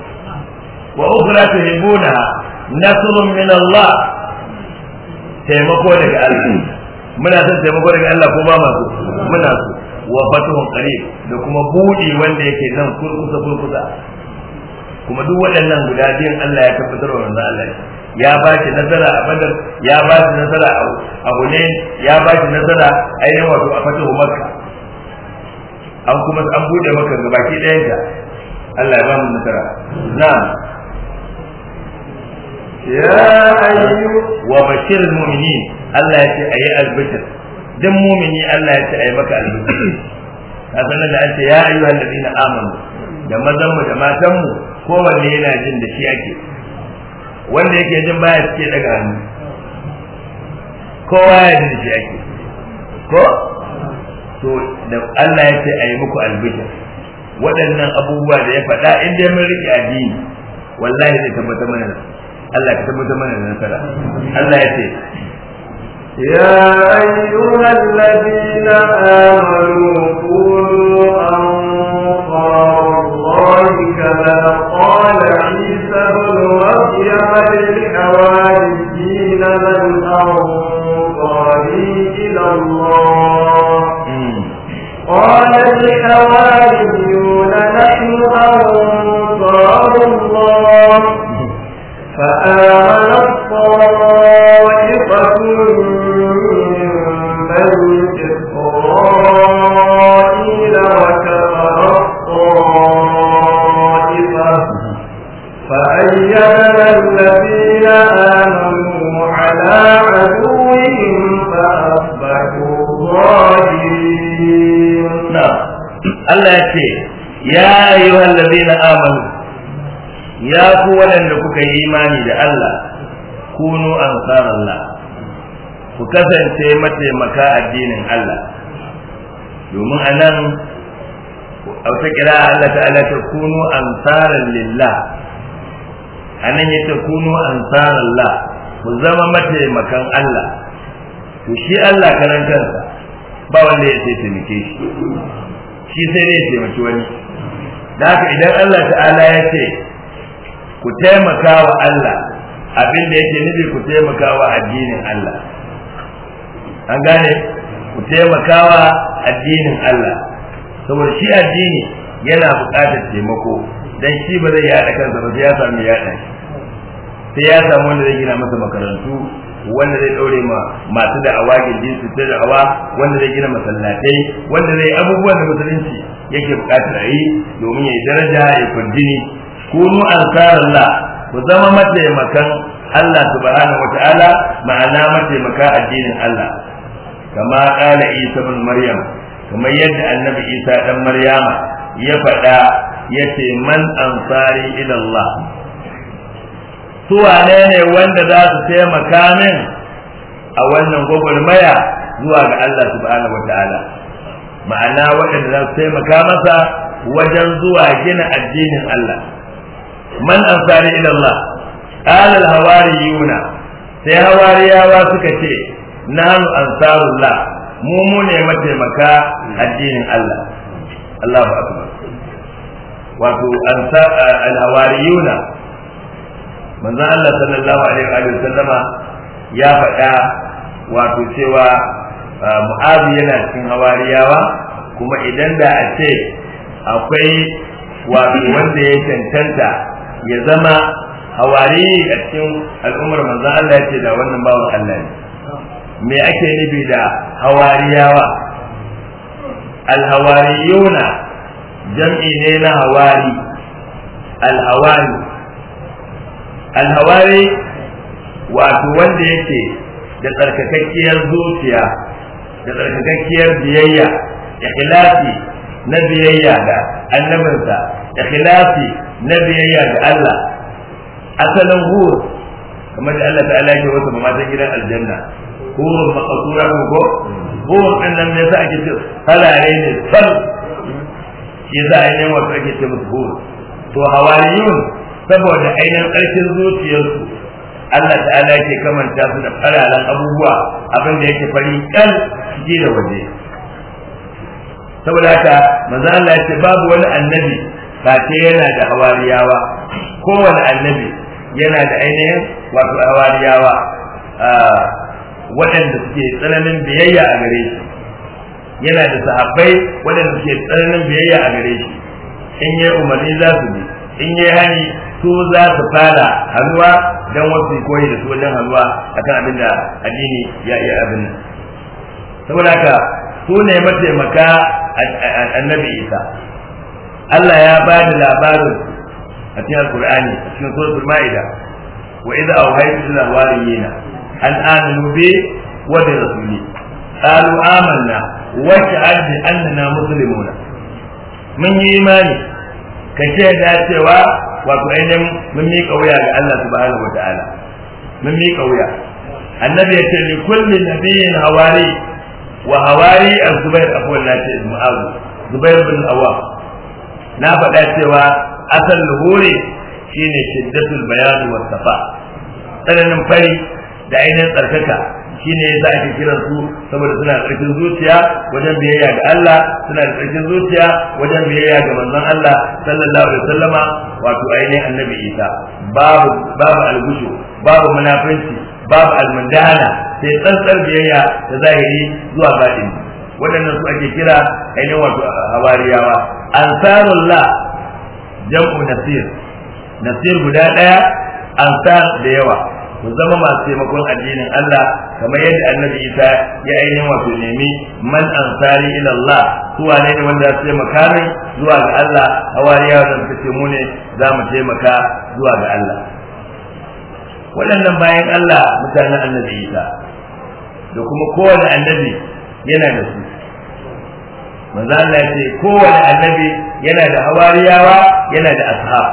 wa ukhra tuhibuna nasrun min Allah taimako daga Allah muna son taimako daga Allah ko ba masu muna so wa fatuhun kare da kuma buɗe wanda yake nan kurkusa kurkusa kuma duk waɗannan guda biyun Allah ya tabbatar wa wanda Allah ya ba shi nasara a Badar ya ba shi nasara a ne, ya ba shi nasara ainihin wato a fatuhu Makka an kuma an buɗe maka gabaki ɗayan da Allah ya ba mu nasara na'am ya ayyu wa bashir mu'minin Allah ya ce ayi albishir dan mu'mini Allah ya ce ayi maka albishir kafin da an ce ya ayyu allazina amanu da mazan mu da matan mu kowanne yana jin da shi ake wanda yake jin baya cike daga hannu ko waya jin da shi ake ko to da Allah ya ce ayi muku albishir waɗannan abubuwa da ya faɗa in mun riƙe addini wallahi zai tabbatar mana Allah ya tabbatar mana da nasara Allah ya ce يا أيها الذين آمنوا كونوا أنصار الله كما قال عيسى بن مريم للحواريين من أنصاري إلى الله قال الحواريون yi imani da Allah kunu Allah ku kasance mataimaka addinin Allah domin anan a wata kira Allah ta'ala ta kunu ansaran lillah anan ya ta kunu ansarallah ku zama mataimakan Allah ku shi Allah karan kansa ba wanda ya taimake shi shi sai ne ya taimaki wani da haka idan Allah ta'ala ya ce ku taimaka wa Allah abin da yake nufi ku taimaka wa addinin Allah an gane ku taimaka wa addinin Allah saboda shi addini yana buƙatar taimako dan shi ba zai yaɗa kansa ba ya samu yaɗa shi sai ya samu wanda zai gina masa makarantu wanda zai ɗaure ma masu da'awa jin su da awa, wanda zai gina masallatai wanda zai abubuwan da musulunci yake buƙatar a yi domin ya yi daraja ya kundini kunu ansarullah ku zama mataimakan Allah subhanahu wataala ma'ana mataimaka addinin Allah kama kala Isa bin Maryam kamar yadda annabi Isa dan Maryama ya faɗa yace man ansari ila Allah su wane ne wanda za su taimaka min a wannan gwagwarmaya zuwa ga Allah subhanahu wataala ma'ana waɗanda za su taimaka masa wajen zuwa gina addinin Allah man ansari ila Allah qala al hawariyuna sai hawariyawa suka ce nahnu ansarullah mu mu ne mataimaka addinin Allah Allahu akbar wato ansar eh, al hawariyuna manzon Allah sallallahu alaihi wa sallama ya faɗa wato cewa eh, mu'azu yana cikin hawariyawa kuma idan da a ce akwai wato wanda ya cancanta ya zama hawari a cikin al'ummar manzon Allah ya ce da wannan bawan Allah ne me ake nufi da hawariyawa alhawariyuna jam'i ne na hawari alhawari alhawari wato wanda yake da tsarkakakkiyar zuciya da tsarkakakkiyar biyayya ikhlasi na biyayya ga annabinsa ikhlasi na biyayya ga Allah asalin hur kamar da Allah ta'ala ya wata ba matan gidan aljanna hurun makasura ko ko hurun din nan ne yasa ake ce halare ne sal shi yasa ainihin wasu ake ce musu hur to hawariyun saboda ainihin ƙarfin zuciyarsu Allah ta'ala yake kamanta su da fararen abubuwa abin da yake fari kal ji da waje saboda haka manzo Allah ya ce babu wani annabi face yana da hawariyawa kowane annabi yana da ainihin wato hawariyawa waɗanda suke tsananin biyayya a gare shi yana da sahabbai waɗanda suke tsananin biyayya a gare shi in yi umarni za su bi in yi hani su za su fara hannuwa don wasu koyi da su wajen hannuwa a kan abin da addini ya iya abin nan saboda haka su ne mataimaka annabi isa Allah ya ba da labarin a cikin alkur'ani a cikin suratul ma'ida wa idza awhaytu ila waliyina an aminu bi wa bi rasuli qalu amanna wa shahad bi annana muslimuna mun yi imani ka shaida cewa wato ainihin mun miƙa wuya ga Allah subhanahu wa ta'ala mun miƙa wuya annabi ya ce li kulli nabiyyin hawari wa hawari az-zubair afwan na ce mu'az zubair bin awwam na faɗa cewa asal luhuri shine shiddatul bayan wa safa tsananin fari da ainihin tsarkaka shine yasa ake kiran su saboda suna tsarkin zuciya wajen biyayya ga Allah suna da tsarkin zuciya wajen biyayya ga manzon Allah sallallahu alaihi wasallama wato ainihin annabi Isa babu babu algushu babu munafinci babu almundana sai tsantsar biyayya ta zahiri zuwa batini waɗannan su ake kira ainihin wato hawariyawa ansarullah jam'u nasir nasir guda ɗaya ansar da yawa ku zama masu taimakon addinin Allah kamar yadda annabi Isa ya ainihin wato nemi man ansari ila Allah su wane ne wanda su taimaka min zuwa ga Allah hawariyawa da suka ce mu ne za mu taimaka zuwa ga Allah waɗannan bayan Allah mutanen annabi Isa da kuma kowane annabi yana da su manzo Allah ya ce kowane annabi yana da hawariyawa yana da ashab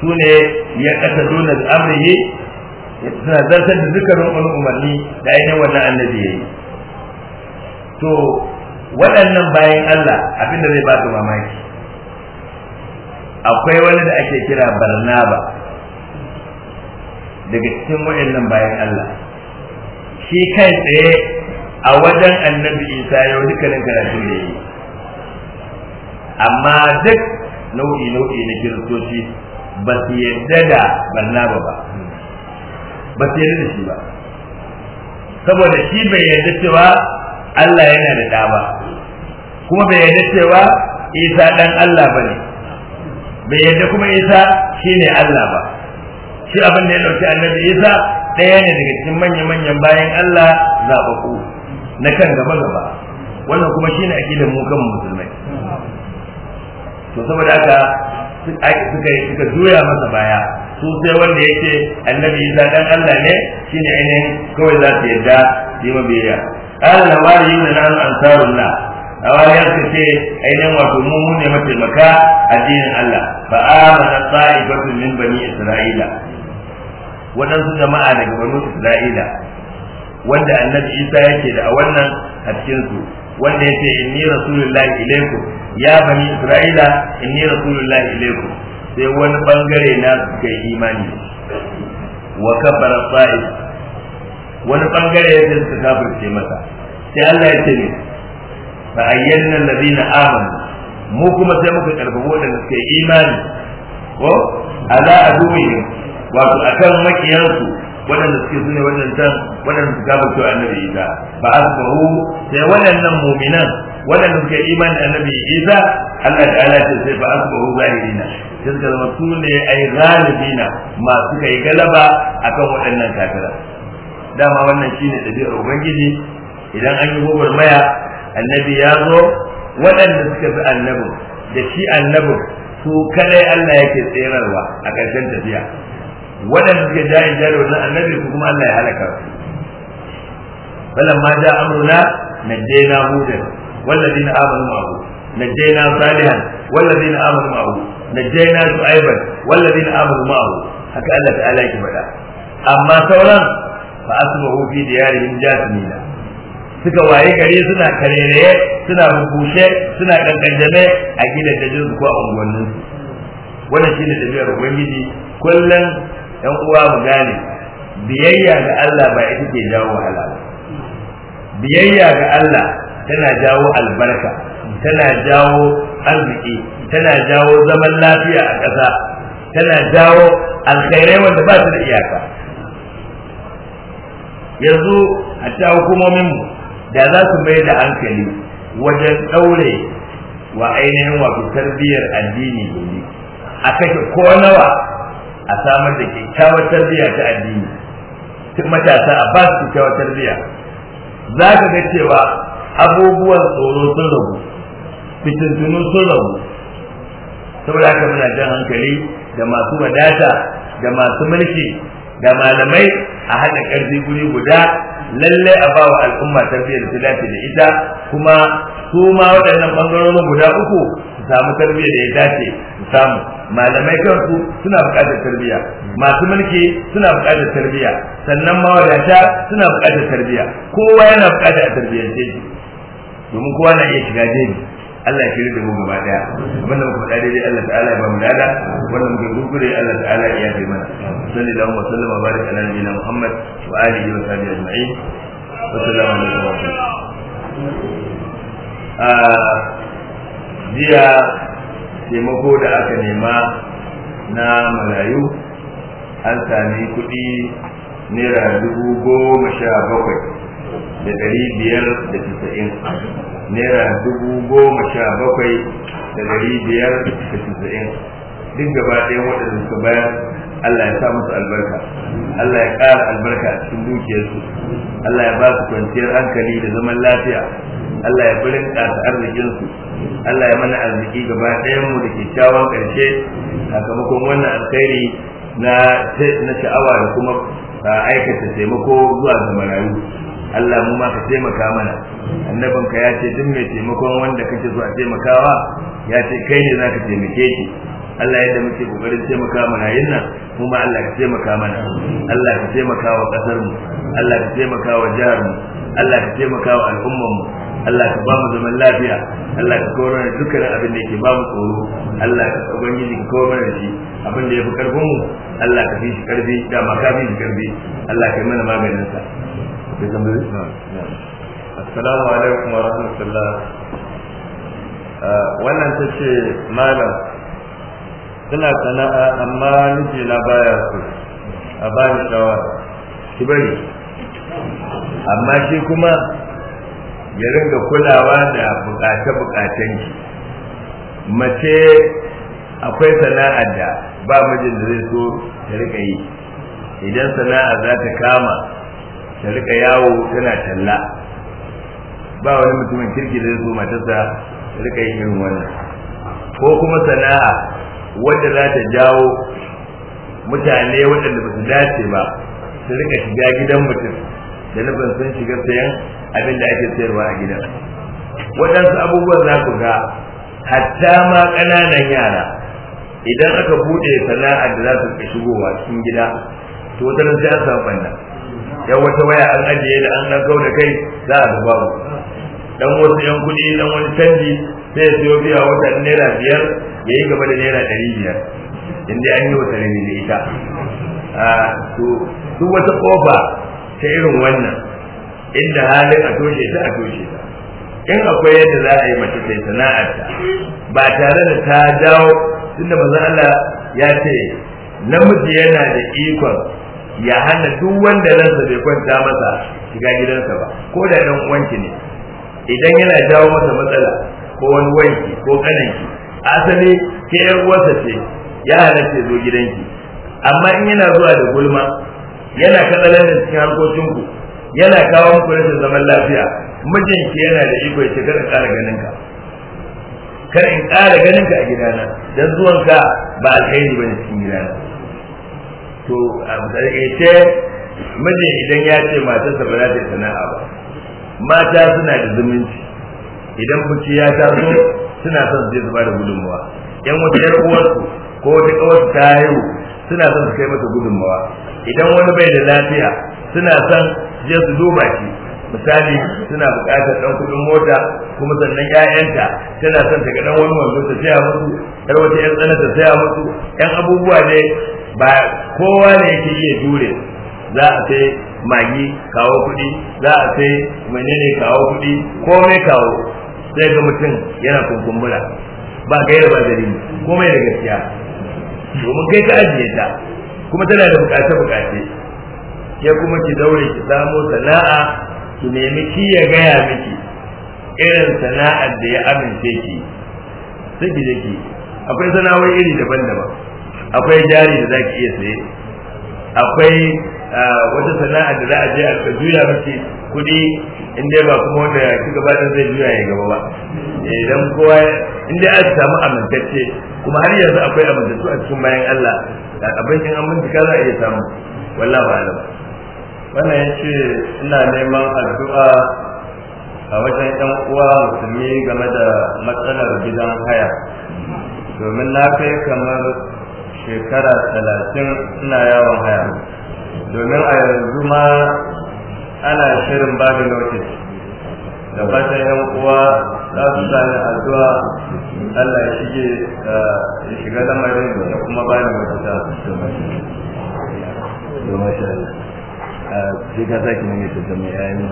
su ne ya kasa dole da amrihi suna zartar da dukkanin wani umarni da ainihin wannan annabi yayi to waɗannan bayan Allah abinda zai ba mamaki akwai wani da ake kira barnaba daga cikin waɗannan bayan Allah shi kai tsaye a wajen annabi isa yau dukkanin karatu ne amma duk nau'i nau'i na kiristoci ba su yadda da barnaba ba ba su yadda da shi ba saboda shi bai yadda cewa Allah yana da dama, kuma bai yadda cewa isa ɗan Allah ba ne bai yadda kuma isa shi ne Allah ba shi abin da ya ɗauki annabi isa ɗaya ne daga cikin manya-manyan bayan Allah zaɓaɓɓu na kan gaba gaba wannan kuma shine akidar mu kan musulmai to saboda haka suka suka juya masa baya su sai wanda yake annabi isa dan Allah ne shine ainihin kawai za su yadda yi mabiya qala hawariyun nan ansarullah hawariyan su ce ainihin wato mu ne mataimaka addinin Allah fa amana sa'ibatu min bani isra'ila wadansu jama'a daga banu isra'ila wanda annabi Isa yake da a wannan a cikin su wanda yake inni rasulullahi ilaiku ya bani isra'ila inni rasulullahi ilaiku sai wani bangare na suka yi imani wa kafara sa'id wani bangare ya suka kafirce masa sai Allah ya ce ne fa ayyana alladhina amanu mu kuma sai muka karbi wadanda suka yi imani ko ala aduwihim wato akan makiyansu waɗanda suke su ne waɗancan waɗanda su gaba cewa annabi isa ba asbahu sai waɗannan mu'minan waɗanda suke imani annabi isa Allah ta'ala ce sai ba asbahu zahirina sai suka zama su ne ai zalibina masu kai galaba akan waɗannan kafira dama wannan shine ɗabi'ar ubangiji idan an yi maya annabi ya zo waɗanda suka fi annabin da shi annabin su kadai Allah yake tserarwa a ƙarshen tafiya waɗanda suke jayin jari wannan annabi ku kuma Allah ya halaka su falamma ja amruna najjayna hudan walladina amanu ma'ahu najjayna salihan walladina amanu ma'ahu najjayna shu'aiban walladina amanu ma'ahu haka Allah ta'ala yake faɗa amma sauran fa asbahu fi diyarihim jasmina suka waye gare suna karere suna rubuce suna kankanjame a gidajen su ko a unguwanninsu wannan shine tafiyar ubangiji kullum yan uwa mu gane biyayya ga Allah ba ita ke jawo wahala ba biyayya ga Allah tana jawo albarka tana jawo arziki tana jawo zaman lafiya a ƙasa tana jawo alkhairai wanda ba su da iyaka yanzu a ta mu da za su mai da hankali wajen ɗaure wa ainihin wato tarbiyyar addini gobe a kashe ko nawa a samar da kyakkyawar tarbiyya ta addini tun matasa a ba su kyakkyawar tarbiyya za ka ga cewa abubuwan tsoro sun rabu fitintunu sun rabu saboda haka muna jan hankali da masu wadata da masu mulki da malamai a haɗa ƙarfi guri guda lallai a bawa al'umma tarbiyyar ta dace da ita kuma su ma waɗannan ɓangarorin guda uku su samu tarbiyyar da ya dace su samu malamai kansu suna buƙatar tarbiyya masu mulki suna buƙatar tarbiyya sannan mawadata suna buƙatar tarbiyya kowa yana buƙatar a tarbiyyance shi domin kowa na iya shiga jeji Allah ya shirya da mu gaba daya abinda muka faɗa dai Allah ta'ala ya ba mu dada wanda muke gurgure Allah ta'ala ya yi mana sallallahu wa sallama barik ala nabiyina Muhammad wa alihi wa sahbihi ajma'in wa sallallahu alaihi wa sallam ah, jiya taimako da aka nema na malayu an sami kudi naira dubu goma sha bakwai da ɗari biyar da tisa'in naira dubu goma sha bakwai da ɗari biyar da tisa'in duk gaba ɗaya waɗanda suka bayar Allah ya sa musu albarka Allah ya ƙara albarka a cikin dukiyarsu Allah ya ba su kwanciyar hankali da zaman lafiya Allah ya burin ƙasa arzikinsu Allah ya mana arziki gaba ɗayan mu da kyawun ƙarshe sakamakon wannan alkhairi na na sha'awa da kuma aikata taimako zuwa ga marayu Allah mu ma ka taimaka mana annabinka ya ce duk mai taimakon wanda kake zuwa a taimakawa ya ce kai ne za ka taimake shi Allah yadda muke kokarin taimaka mana yinna nan kuma Allah ka taimaka mana Allah ka taimaka wa kasar mu Allah ka taimaka wa jihar mu Allah ka taimaka wa al'ummar mu Allah ka ba mu zaman lafiya Allah ka kawo mana dukkanin abin da yake ba mu tsoro Allah ka ubangiji ka kawo mana shi abin da yafi karfin mu Allah ka fi shi karfi da ma ka fi shi karfi Allah ka yi mana maganin sa Assalamu alaikum wa rahmatullah uh, wannan ta ce malam suna sana'a amma nufi na baya su a bani shawara bari amma shi kuma ya ringa kulawa da bukace-bukacen ki mace akwai sana'a da ba mijin da zai so ta rika yi idan sana'a za ta kama ta rika yawo tana talla ba wani mutumin kirki da zai so matarsa ta rika yin irin wannan ko kuma sana'a wanda za ta jawo mutane waɗanda ba su dace ba su rika shiga gidan mutum da nufin sun shiga sayan abin da ake sayarwa a gidan waɗansu abubuwan za ku ga hatta ma ƙananan yara idan aka buɗe sana'a da za su shigowa cikin gida to wata nan sai an samu banda yan wata waya an ajiye da an ɗan da kai za a ga babu dan wasu yan kuɗi dan wani canji sai ya siyo biya wata naira biyar ya yi gaba da naira ɗari biyar inda an yi wata rini da ita ah, to duk wata kofa ta irin wannan inda halin a toshe ta a toshe ta in akwai yadda za a yi mace sana'arta ba tare da ta dawo tunda maza Allah ya ce namiji yana da ikon ya hana duk wanda ransa bai kwanta masa shiga gidansa ba ko da ɗan uwanki ne idan yana jawo masa matsala ko wani wanki ko kananki asali ke yan uwarsa ce ya halatta zo gidanki amma in yana zuwa da gulma yana katsalar da cikin harkokinku yana kawo muku rashin zaman lafiya mijinki yana da iko ya kada ƙara ganin ka kar in ƙara ganin ka a gidana dan zuwan ba alheri bane cikin gidana to a ce mijin idan ya ce matarsa ba za ta sana'a ba mata suna da zumunci idan kuci ya taso suna son su zuba da gudunmawa yan wata yar uwarsu ko wata kawarsu ta haihu suna son su kai mata gudunmawa idan wani bai da lafiya suna son je su duba shi misali suna buƙatar ɗan kuɗin mota kuma sannan 'ya'yanta tana son ta ga ɗan wani wando ta saya musu har wata ƴan tsana ta taya musu ƴan abubuwa ne ba kowa ne yake iya dure, za a sai magi kawo kuɗi za a sai menene kawo kuɗi komai kawo sai ga mutum yana kunkumbura ba gaira ba ko komai da gaskiya domin kai ka ajiye ta kuma tana da bukace bukace ke kuma ki daure ki samo sana'a ki nemi ki ya gaya miki irin sana'ar da ya amince ki sai ki akwai sana'o'i iri daban-daban akwai jari da zaki iya saye akwai ah, wata sana'a da za a je a juya miki kuɗi in ba kuma wanda ya ci gaba zai juya ya gaba ba idan eh, kowa in dai aka samu amintacce kuma har yanzu akwai amintattu a cikin bayan Allah abin in an bincika za a iya samu wallahi ba alam wannan yace ina neman addu'a a wajen ɗan uwa musulmi game da matsalar gidan haya domin na kai kamar shekara talatin ina yawon haya domin a yanzu ma ana shirin da notis da fatan yan uwa za su sami addu'a Allah ya shige eh, ya shiga lamarin da kuma bani mafita da masha Allah eh, sai da mai ayyana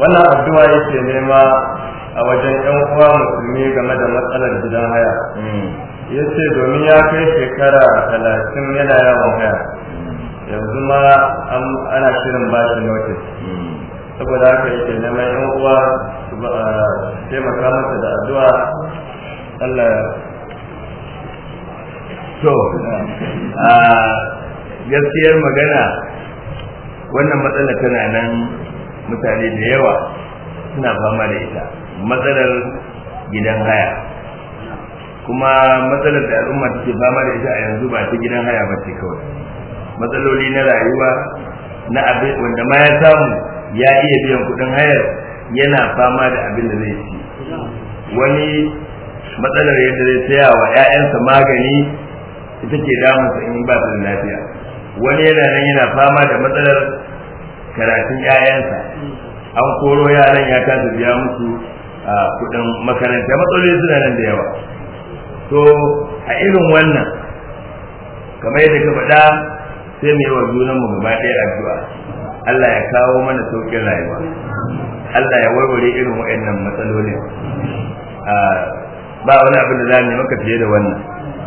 wannan addu'a yake nema a wajen yan uwa musulmi game da matsalar gidan haya hmm. ya ce domin ya kai shekara talatin yana yawon haya yanzu ma ana shirin ba shi notis saboda haka yake neman yan uwa su taimaka masa da addu'a Allah to a gaskiyar magana wannan matsala tana nan mutane da yawa suna fama da ita matsalar gidan haya kuma matsalar da al'umma take fama da ita a yanzu ba ta gidan haya ba ce kawai matsaloli na rayuwa na abin wanda ma ya samu ya iya biyan kuɗin hayar yana fama da abin da zai ci wani matsalar yadda zai saya wa 'ya'yansa magani ita ke damunsa in ba su da lafiya wani yana nan yana fama da matsalar karatun 'ya'yansa an koro yaran ya kasa biya musu a kudin makaranta matsaloli suna nan da yawa to a irin wannan kamar yadda ka faɗa sai mu yi wa junan mu gaba ɗaya addu'a Allah ya kawo mana saukin rayuwa Allah ya warware irin waɗannan matsalolin ba wani abin da za mu yi maka fiye da wannan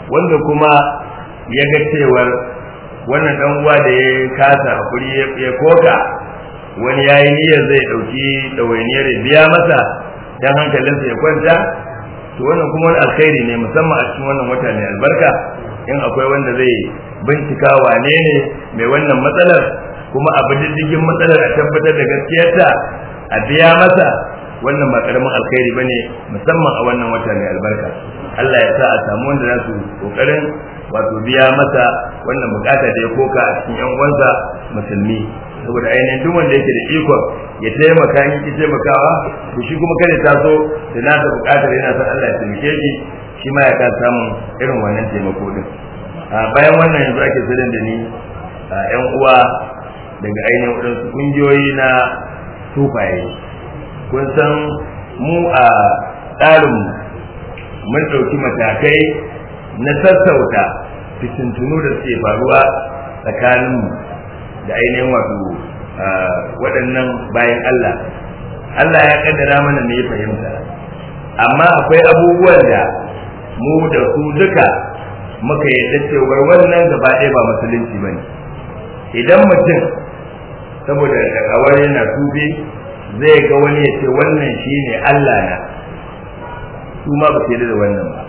wanda kuma ya ga cewar wannan dan uwa da ya kasa hakuri ya koka wani ya yi niyyar zai ɗauki ɗawainiyar biya masa dan hankalinsa ya kwanta to wannan kuma wani alkhairi ne musamman a cikin wannan wata mai albarka in akwai wanda zai bincika wane ne mai wannan matsalar kuma a diddigin matsalar a tabbatar da gaskiyarta a biya masa wannan ba karamin alkhairi ne, musamman a wannan wata mai albarka Allah ya sa a samu wanda za su kokarin wato biya masa wannan bukata da ya koka a cikin yan uwansa musulmi saboda ainihin duk wanda yake da ikon ya taimaka in ki taimakawa to shi kuma kada ta so da nasa bukatar yana son Allah ya taimake shi shi ma ya ka samun irin wannan taimako din bayan wannan yanzu ake zirin da ni yan uwa daga ainihin waɗansu ƙungiyoyi na tufaye kun san mu a tsarinmu mun ɗauki matakai na sassauta fitintunu da suke faruwa tsakaninmu da ainihin wato waɗannan bayan Allah Allah ya kaddara mana yi fahimta amma akwai abubuwan da mu da su duka muka yadda cewar wannan gaba ɗaya ba musulunci ba ne idan mutum saboda kakawar yana tube zai ga wani ya ce wannan shi ne Allah na su ma ba su da wannan ba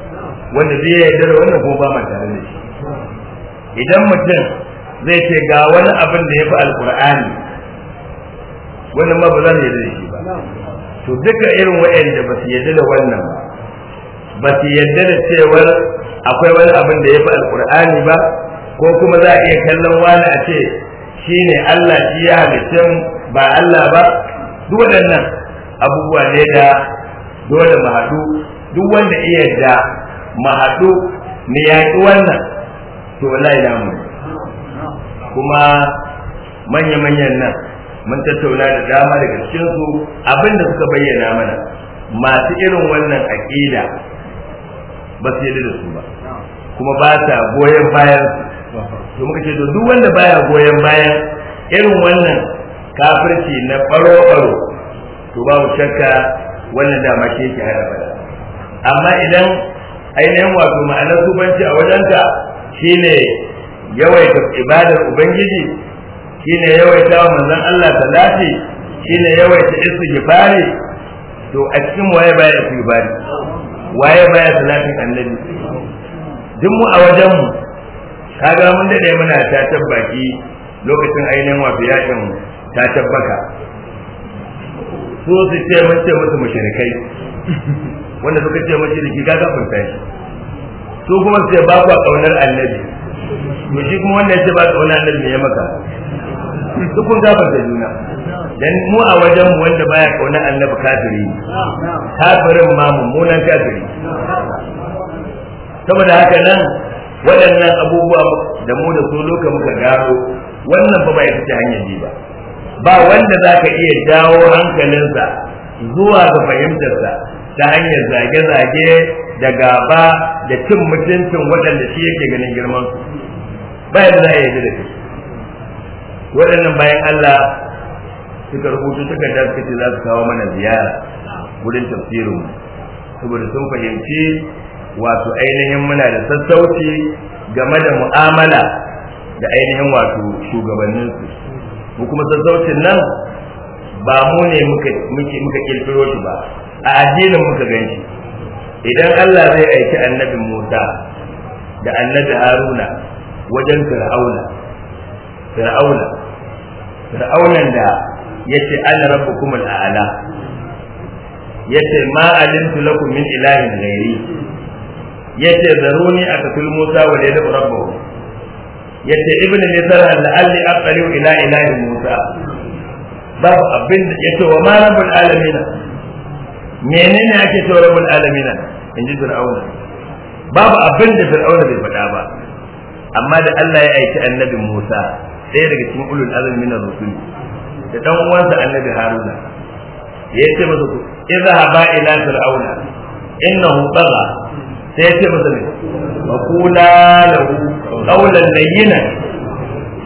wanda zai yadda da wannan ko ba ma tare da shi idan mutum zai ce ga wani abin da ya fi alkur'ani wannan ma ba za mu yadda da shi ba to duka irin waɗanda ba su yadda da wannan ba ba su yadda da cewar akwai wani abin da ya fi alkur'ani ba ko kuma za a iya kallon wani a ce shi ne Allah shi ya halittun ba Allah ba duk waɗannan abubuwa ne da dole mu haɗu duk wanda iya da mu haɗu ya yaƙi wannan to wala ya mu kuma manya-manyan nan mun tattauna da dama daga cikinsu abin da suka bayyana mana masu irin wannan aƙida ba su yadda da su ba kuma ba ta goyon bayan to muka ce duk wanda baya goyon bayan irin wannan kafirci na baro-baro to babu shakka wannan dama shi yake hada amma idan ainihin wato ma'anar sufanci a wajenta shine yawaita ibadar ubangiji shine yawaita wa manzon Allah salati shine yawaita gibari to a cikin waye baya gibari waye baya salatin annabi duk mu a wajen mu kaga mun dai muna ta tabbaki lokacin ainihin wato yakin ta tabbaka su su ce mun ce musu mushrikai wanda suka ce mun shirki kaga furta shi su kuma su ce ba ku kaunar annabi mu shi kuma wanda ya ce ba kaunar annabi ne ya maka duk kun gafarta juna dan mu a wajen mu wanda baya kauna annabi kafiri kafirin ma mummunan kafiri saboda haka nan waɗannan abubuwa da mu da su loka muka gano wannan ba bai fita hanyar ji ba ba wanda zaka iya dawo hankalinsa zuwa ga fahimtarsa ta hanyar zage-zage da gaba da cin mutuncin waɗanda shi yake ganin girman su bayan yadda za yi da shi waɗannan bayan Allah suka rubutu da suka ce za su kawo mana ziyara wurin tafsirin mu saboda sun fahimci wato ainihin muna da sassauci game da mu'amala da ainihin wato shugabanninsu mu kuma sassaucin nan ba mu ne muka kirkiro shi ba a addinin muka gan shi idan Allah zai aiki annabin Musa da annabi Haruna wajen Fir'auna Fir'auna da yace ana rabbukum al'ala yace ma alimtu lakum min ilahin ghairi yace zaruni akatul musa wa lada rabbuhu yace ibnu nisar la'alli aqalu ila ilahi musa babu abin da yace wa ma rabbul alamin menene ake cewa rabbul alamin inji fir'auna babu abin da fir'auna bai faɗa ba amma da Allah ya aiki annabi Musa sai daga cikin ulul azmi min ar da dan uwansa annabi haruna ya ce masa ku izhaba ila fir'auna innahu tagha sai ya ce masa ne fa qula lahu qawlan layyinan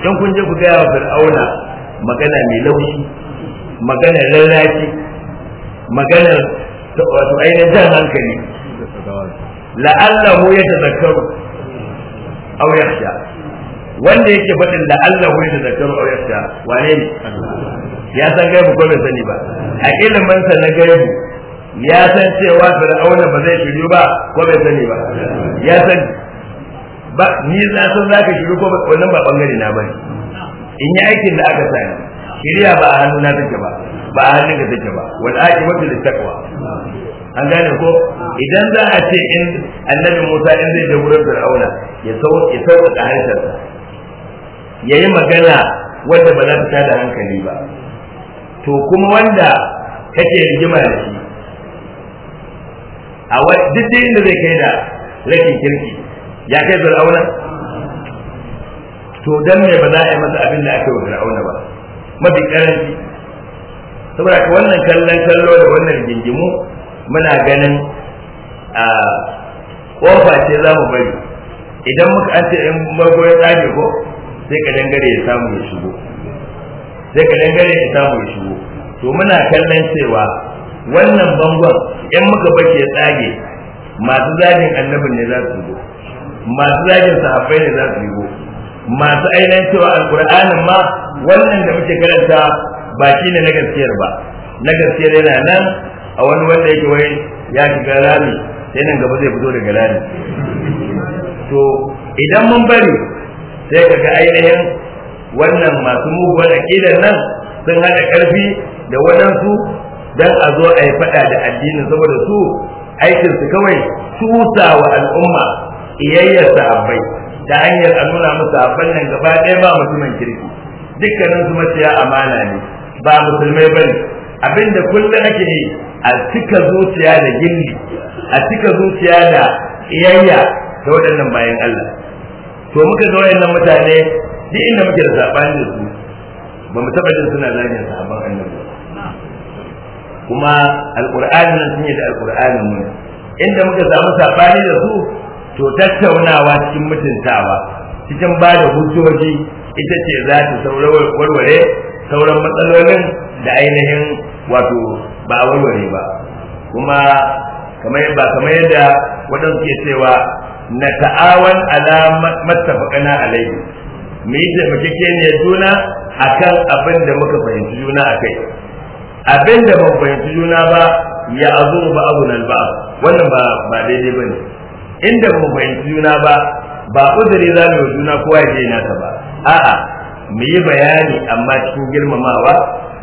dan kun je ku ga wa fir'auna magana mai laushi magana lalaci magana wato ainihin jan hankali la'allahu yatazakkaru aw yakhsha wanda yake faɗin da Allah wuri da zakaru a yasta wane ne ya san gaibu ko bai sani ba a ilimin sa na gaibu ya san cewa fir'auna ba zai shiru ba ko bai sani ba ya san ba ni na san zaka shiru ko wannan ba bangare na bane in yi aikin da aka sani shirya ba a hannu na take ba ba a hannun ka take ba wal aqibatu littaqwa an gane ko idan za a ce in annabi Musa in zai je wurin Fir'auna ya ya sauka harshen ya yi magana wanda ba za ta tada hankali ba to kuma wanda kake rigima da shi a duk da inda zai kai da rashin kirki ya kai fir'auna to dan me ba za a yi masa abin da aka yi wa fir'auna ba mafi karanci saboda ka wannan kallon kallo da wannan gingimu muna ganin a kofa ce za mu bari idan muka an ce in magoya tsari ko sai ka dangare ya samu ya shigo sai ka dangare ya samu ya shigo to muna kallon cewa wannan bangon in muka bace ya tsage masu zagin annabin ne za su zo masu zagin sahabbai ne za su yi masu ainihin cewa alkur'anin ma wannan da muke karanta ba shi ne na gaskiyar ba na gaskiyar yana nan a wani wanda yake wai ya shiga rami sai nan gaba zai fito daga rami to idan mun bari sai ka ga ainihin wannan masu muguwar aƙidar nan sun haɗa karfi da waɗansu don a zo a yi faɗa da addini, saboda su aikinsu kawai tusa wa al'umma iyayyar sahabbai ta hanyar a nuna musu abin nan gaba ɗaya ba mutumin kirki dukkanin su maciya amana ne ba musulmai ba ne abinda kullum ake yi a cika zuciya da gilli a cika zuciya da iyayya da waɗannan bayan Allah to muka ga wayannan mutane duk inda muke da sabani da su ba mu taba jin suna zagin sahabban annabi kuma alqur'ani nan sun yi da alqur'ani mun, inda muka samu sabani da su to tattaunawa cikin mutuntawa cikin ba da hujjoji ita ce za ta saurawar warware sauran matsalolin da ainihin wato ba warware ba kuma kamar ba kamar yadda waɗansu ke cewa na ta'awan ala mattafaqana alaihi mu yi taimakekeniya juna akan abin da muka fahimci juna akai abin da ban fahimci juna ba ya azuru ba abu nan ba wannan ba ba daidai ba ne inda ban fahimci juna ba ba uzuri za mu yi juna kowa ya je nasa ba a'a mu yi bayani amma cikin girmamawa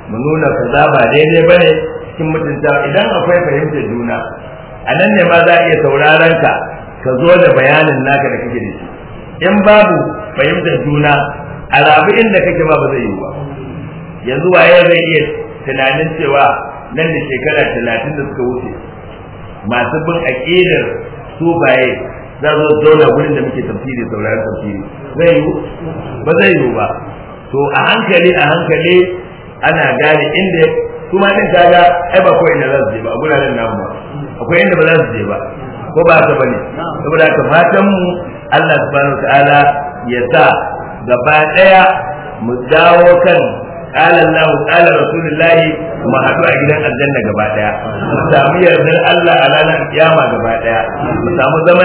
mu nuna kaza ba daidai ba ne cikin mutunta idan akwai fahimtar juna a nan ne ma za a iya sauraron ka ka zo da bayanin naka da kake da shi in babu fahimtar juna a rabu inda kake ba ba zai yi ba yanzu waye zai iya tunanin cewa nan da shekara talatin da suka wuce masu bin aƙidar su baye za zo zauna wurin da muke tafsiri sauraron tafsiri zai yi ba zai yi ba to a hankali a hankali ana gane inda kuma din kaga ai ba ko inda za su je ba a guraren namu ba akwai inda ba za su je ba ko ba ta bane saboda ta fatan mu Allah subhanahu ta'ala ya sa gaba daya mu dawo kan qala Allah qala rasulullah mu haɗu a gidan aljanna gaba daya mu samu yardar Allah a ranar kiyama gaba daya mu samu zaman